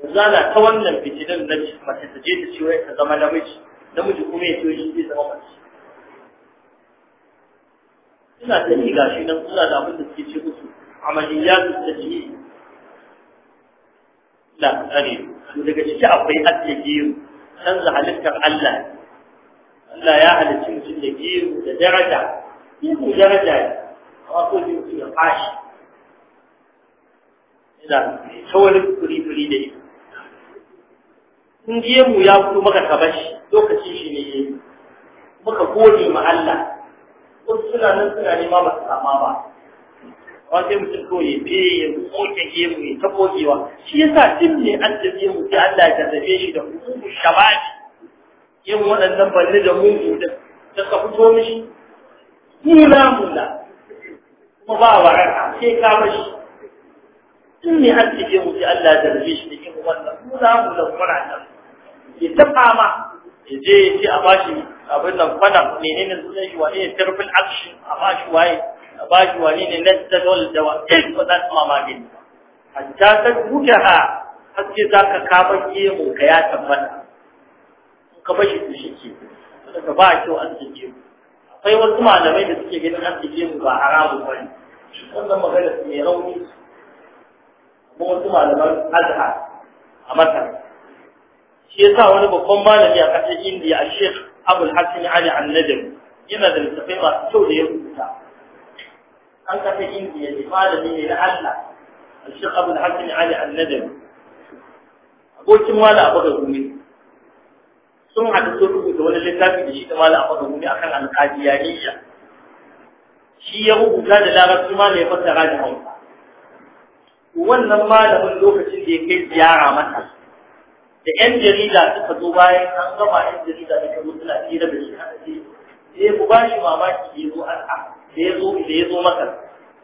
yanzu ta wannan fitilin na mace ta je ta ciwo ta zama namiji namiji kuma ya ciwo shi zai zama mace suna ta ga shi nan suna da abin da suke ce musu amaliyyatu ta ji la tsare daga ciki akwai ajiye gero canza halittar Allah Allah ya halicci mutum da gero da daraja gero daraja ne amma ko zai mutum ya fashi yana saurin furi-furi da ita kun mu ya fito maka ka shi lokacin shi ne muka gode ma Allah wasu suna nan suna nema ba su sama ba amma mutum ko ya be ya koke gemu ya ta kokewa shi ya sa tun ne an tafi mu sai Allah ya tarbe shi da hukumu shababi yin waɗannan banni da mugu da suka fito mishi mula mula kuma ba waraka sai ka mashi Tun ne an tafi mu sai Allah ya tarbe shi da yin wannan mula mula kuma nan ya taɓa ma ya je ya ce a bashi abin nan kwanan menene sunan shi wane ya tarfin action a bashi waye a bashi wani ne na tsadol da wa ɗin ba za su ma magani hatta ta duka ha haske za ka kama gemu ka ya tabbata in ka bashi to shi ke ka ba kyau an tsike mu akwai wasu malamai da suke ganin an tsike mu ba haramu ba ne wannan magana mai rauni ko wasu malaman azhar a masar shi yasa wani babban malami a ƙasar indiya a shekh abul hasan ali annadam yana da littafai masu kyau da ya rubuta an kafa indiya ne malami ne na allah الشيخ أبو الحسن علي الندم abokin mala abu da gumi sun haɗu sun rubuta wani littafi da shi da mala abu da gumi akan alƙadiyaniya shi ya rubuta da larabci ma ya fassara da hausa wannan malamin lokacin da ya kai ziyara mata da yan jarida suka zo bayan an gama yan jarida da ka suna tsira da shi haka sai ya ku ba shi mamaki da ya zo da ya zo masa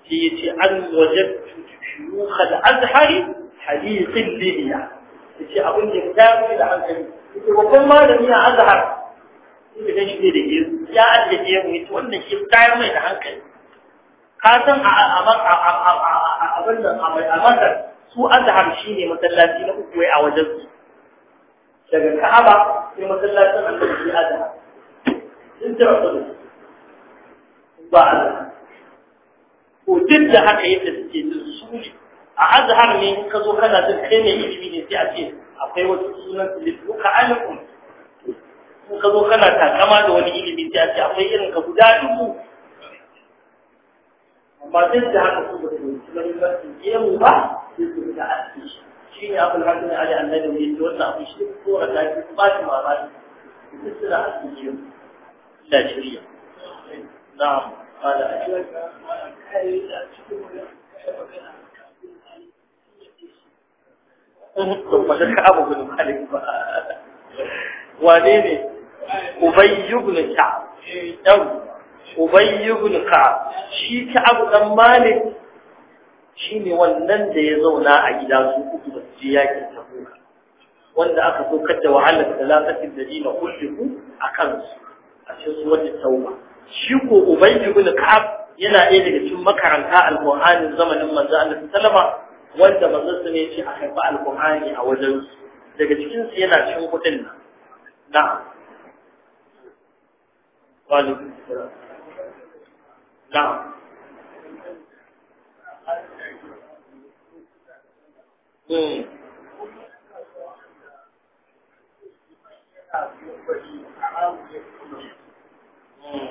sai ya ce an da shuyukh al-azhari hadiqin Ya ce abin da ya fi da hankali Ya ce babban malami na azhar shi da shi ne da yi ya ajiye mu yace wannan shi tayar mai da hankali ka san a abin da a masar su azhar ne masallaci na uku a wajen su daga ka'aba sai masallacin annabi azhar sun tara su ba azhar ko duk da haka yadda suke jin su ne a azhar ne in ka zo kana jin kai ne ilimi ne sai a ce akwai wasu sunan su lissu ka alikum in ka zo kana takama da wani ilimi sai a ce akwai irin ka guda dubu amma duk da haka su ba su je mu ba su su da aski shi ne abin hannun ali annabi ne da wannan abu shi ko a lafi ba shi mamaki su da aski gemu da shirya na'am ba ka abu malik ba wane dan shi malik shine wannan da ya zauna a gida su uku da su ya tabuka wanda aka so kada wahalar da lafafin da dina kullu akan su a cikin tauba shi ko ubay ibn ka'ab yana ɗaya daga cikin makaranta alqur'anin zamanin manzo Allah sallama wanda manzo sun ya ce a karba alqur'ani a wajen daga cikin su yana cikin kudin nan na wa alaikum Mm.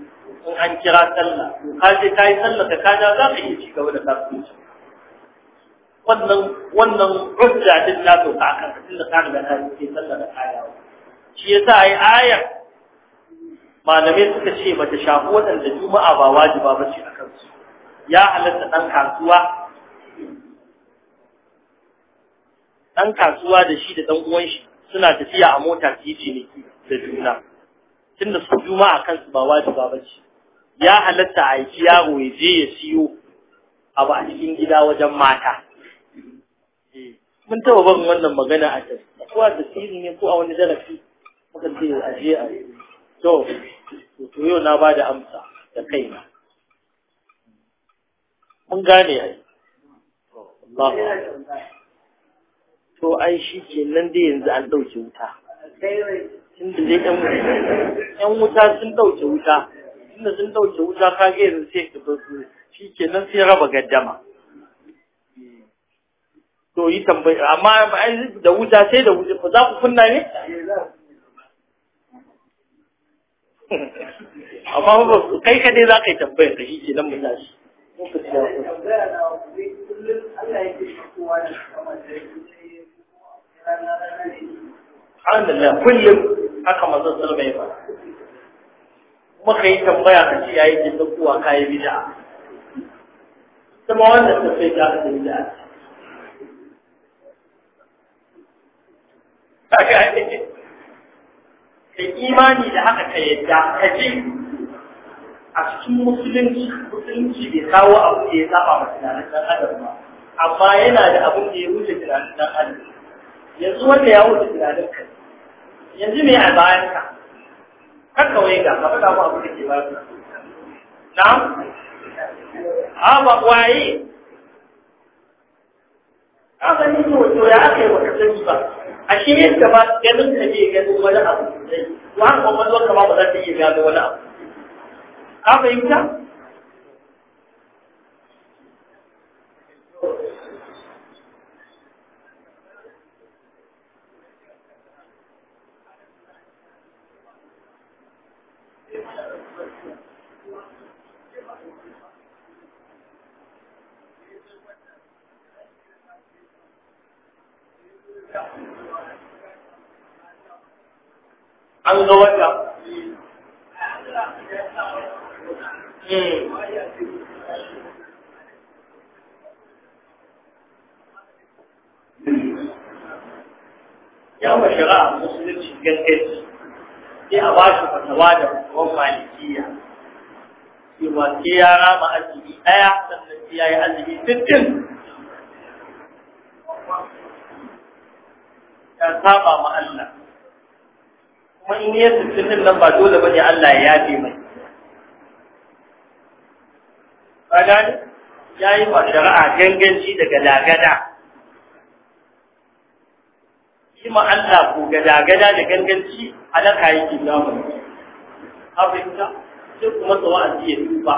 in an kira sallah to ka je ka yi sallah ka kaja za ka iya cigaba da kasuwanci wannan wannan hujja din na to ka kan tun da ka da ka yi sallah da kaya shi yasa ai aya malamai suka ce bata shafi waɗanda juma'a ba wajiba ba ce a kansu ya halatta ɗan kasuwa dan kasuwa da shi da ɗan uwan shi suna tafiya a mota su ne da juna tunda su juma'a kansu ba wajiba ba ce ya halatta a yi yaro ya je ya siyo abu a cikin gida wajen mata mun taɓa barin wannan magana a can kowa da tasirin ne ko a wani darasi muka ce a je a to to yau na ba da amsa da kaina mun gane a yi. to ai shi ke nan dai yanzu an ɗauke wuta da dai ɗan wuta sun ɗauke wuta tunda sun dauke wuta ka ga yanzu sai ka zo shi ke nan sai raba gaddama to yi tambayi amma da wuta sai da wuta za ku kunna ne amma ba kai ka dai za ka yi tambayar ka shi ke nan mu tashi Alhamdulillah kullum haka mazan sallallahu ba. muka yi tambaya a ce yayi kin daukowa kai bid'a kuma wannan ta sai ta da bid'a kaga ai imani da haka ka yadda ka ji a cikin musulunci musulunci bai kawo abu da ya zaba wa tunanin dan adam ba amma yana da abin da ya wuce tunanin dan adam yanzu wanda ya wuce tunanin ka yanzu me a bayan ka kan kawai ga ka faɗa ba abu da ke ba su na ba waye ka san ni wato ya aka yi wa ka sani ba a shi ne ka ba ganin ka je ganin wani abu to har kwakwalwar ka ba ba za ta iya gano wani abu ka fahimta an ga wata yawon shari'a musulunci gaskaci sai a ba shi fatawa da hukumar malikiya cewa sai ya rama azumi ɗaya sannan sai ya yi azumi sittin ya saba ma Allah kuma in yi sittin nan ba dole ba ne Allah ya yafe mai ka gane ya yi ba shari'a ganganci daga lagada shi ma Allah ko ga lagada da ganganci alaka yake zama a fahimta sai kuma tsawa a ya duba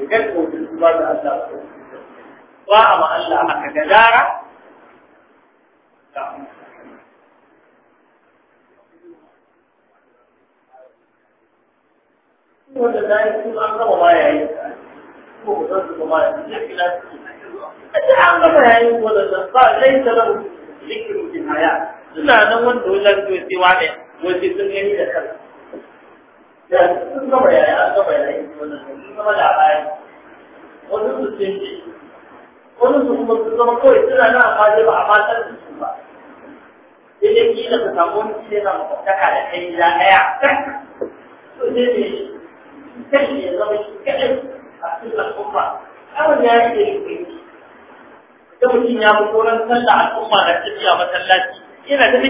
da kan kofi duba da Allah ba a ma Allah haka gadara wanda na yi sun an gama ma yayi ko ba zan su ma yayi zai kila su kace an gama yayi ko da nan ba zai ta da zikiru din haya suna nan wanda wajen to sai wani wace sun gani da kansa da sun gama yayi an gama yayi wannan sun gama da baya wani su sun ce wani su kuma sun zama kawai suna nan amma dai ba a fatar da su ba sai dai kila ka samu wani shi yana makwabtaka da kai gida ɗaya to sai ne ya ya yana da da damuwa a nan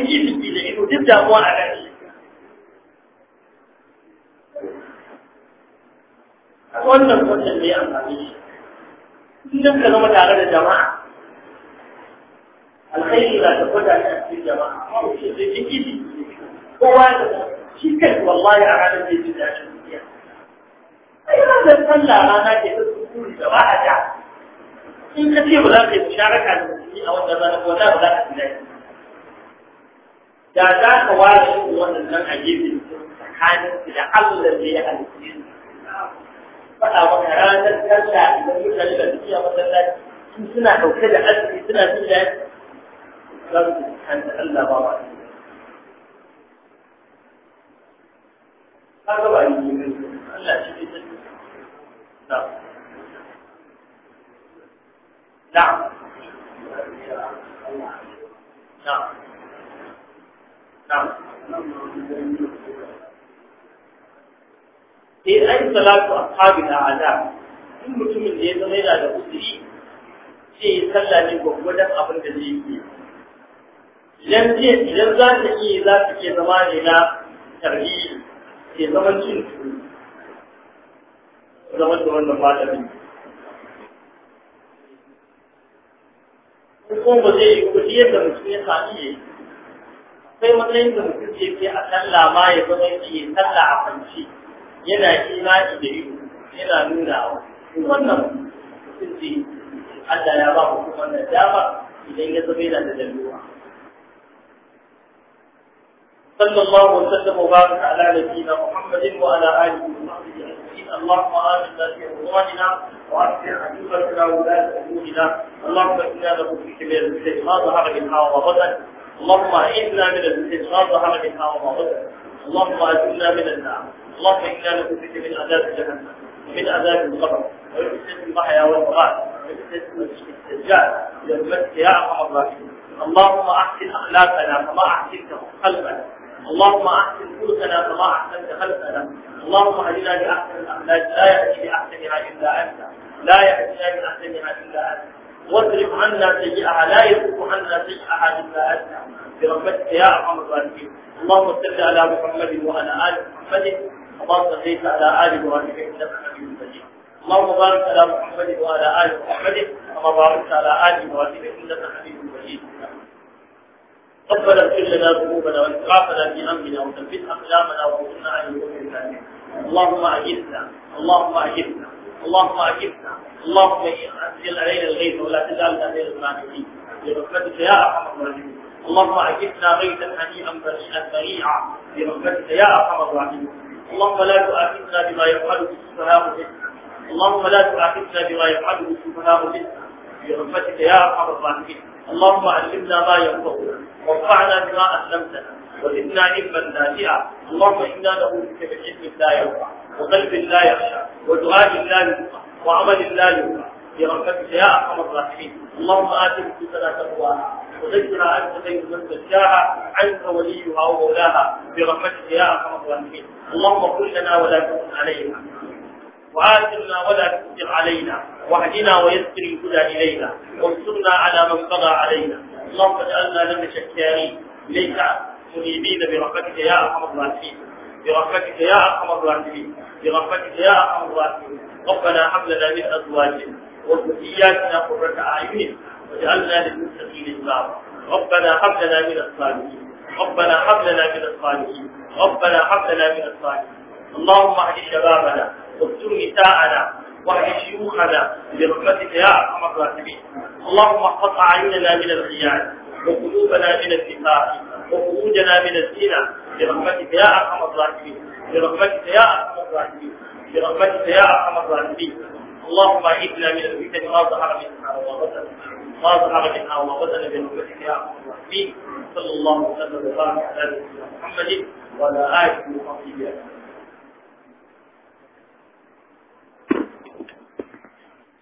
shi wannan wannan ne amfani shi zama tare da jama'a alkhairi za ta gwada a cikin jama'a amma zai kowa da shi kai wallahi a ranar zai ji daɗin ai ranar sallah rana ce ta sukuri da ba a ja in ka ce ba za ka yi musharaka da musulmi a wannan ranar ko za ba za ka ji daɗi da za ka ware irin waɗannan a gefe tsakanin su da Allah ne ya halitta faɗa maka ranar sallah idan mutane da suke a masallaci suna ɗauke da azumi suna jin daɗi za su ji da Allah ba ba. Ka ga yi ne Allah shi salatu a na'am na'am na'am sai eh, an na ada in mutumin da ya zama yana da uzuri sai ya salla ne gwaggwadon abin da zai yi idan idan za ta iya za ta ke zama ne na tarihi ke zaman cin turu. zama da wannan malamin ko ba zai yi kudi yadda mutum ya sami ya yi sai matsayin da mutum zai kai a sallah ma ya zama ya sallah a fanci yana imani da yiwu yana nuna wa wannan mutum zai Allah ya ba hukumar kuma na dama idan ya zama yana da daluwa. صلى الله وسلم وبارك على نبينا محمد وعلى اله وصحبه اجمعين اللهم امنا في اوطاننا واصلح ائمتنا وولاه امورنا اللهم انا نبغيك من المسجد ما ظهر منها وما بطن اللهم اعنا من المسجد ما ظهر منها وما بطن اللهم اعنا من النار اللهم انا نبغيك من عذاب جهنم ومن عذاب القبر ومن فتنه المحيا والممات ومن فتنه الدجال برحمتك يا ارحم الراحمين اللهم احسن اخلاقنا كما احسنته قلبنا اللهم احسن خلقنا كما احسنت خلقنا اللهم اهدنا لاحسن الاخلاق لا ياتي باحسنها الا انت لا ياتي من احسنها الا انت واصرف عنا سيئها لا يصرف عنا سيئها الا انت برحمتك يا ارحم الراحمين اللهم صل على محمد وعلى ال محمد وما صليت على ال ابراهيم انك حميد مجيد اللهم بارك على محمد وعلى ال محمد وما باركت على ال ابراهيم انك حميد قبل اغفر لنا ذنوبنا واسرافنا في امرنا وثبت اقدامنا وانصرنا على القوم اللهم اجبنا اللهم اجبنا اللهم اجبنا اللهم انزل علينا الغيث ولا تجعلنا من القانطين برحمتك يا ارحم الراحمين اللهم اجبنا غيثا هنيئا بريئا بريعا برحمتك يا ارحم الراحمين اللهم لا تؤاخذنا بما يفعله السفهاء منا اللهم لا تؤاخذنا بما يفعله السفهاء منا برحمتك يا ارحم الراحمين اللهم علمنا ما ينفعنا وانفعنا بما علمتنا وزدنا علما نافعا اللهم انا نعوذ بك من علم لا ينفع وقلب لا يخشع ودعاء لا ينفع وعمل لا ينفع برحمتك يا ارحم الراحمين اللهم ات نفوسنا تقواها وذكر انت خير من زكاها انت وليها ومولاها برحمتك يا ارحم الراحمين اللهم كن لنا ولا تكن علينا وآثرنا ولا تؤثر علينا واهدنا ويسر الهدى إلينا وانصرنا على من بغى علينا اللهم اجعلنا لنا شكارين إليك منيبين برحمتك يا أرحم الراحمين برحمتك يا أرحم الراحمين برحمتك يا أرحم الراحمين ربنا هب لنا من أزواجنا وذرياتنا قرة أعين واجعلنا للمتقين إماما ربنا هب لنا من الصالحين ربنا هب لنا من الصالحين ربنا هب لنا من الصالحين اللهم اهد شبابنا واستر نساءنا واهد شيوخنا برحمتك يا ارحم الراحمين اللهم احفظ اعيننا من الخيانه وقلوبنا من الاتفاق وخروجنا من الزنا برحمتك يا ارحم الراحمين برحمتك يا ارحم الراحمين برحمتك يا ارحم الراحمين اللهم اعذنا من الفتن ما ظهر منها وما بطن ما ظهر منها وما بطن برحمتك يا ارحم الراحمين صلى الله وسلم وبارك على نبينا محمد وعلى اله وصحبه اجمعين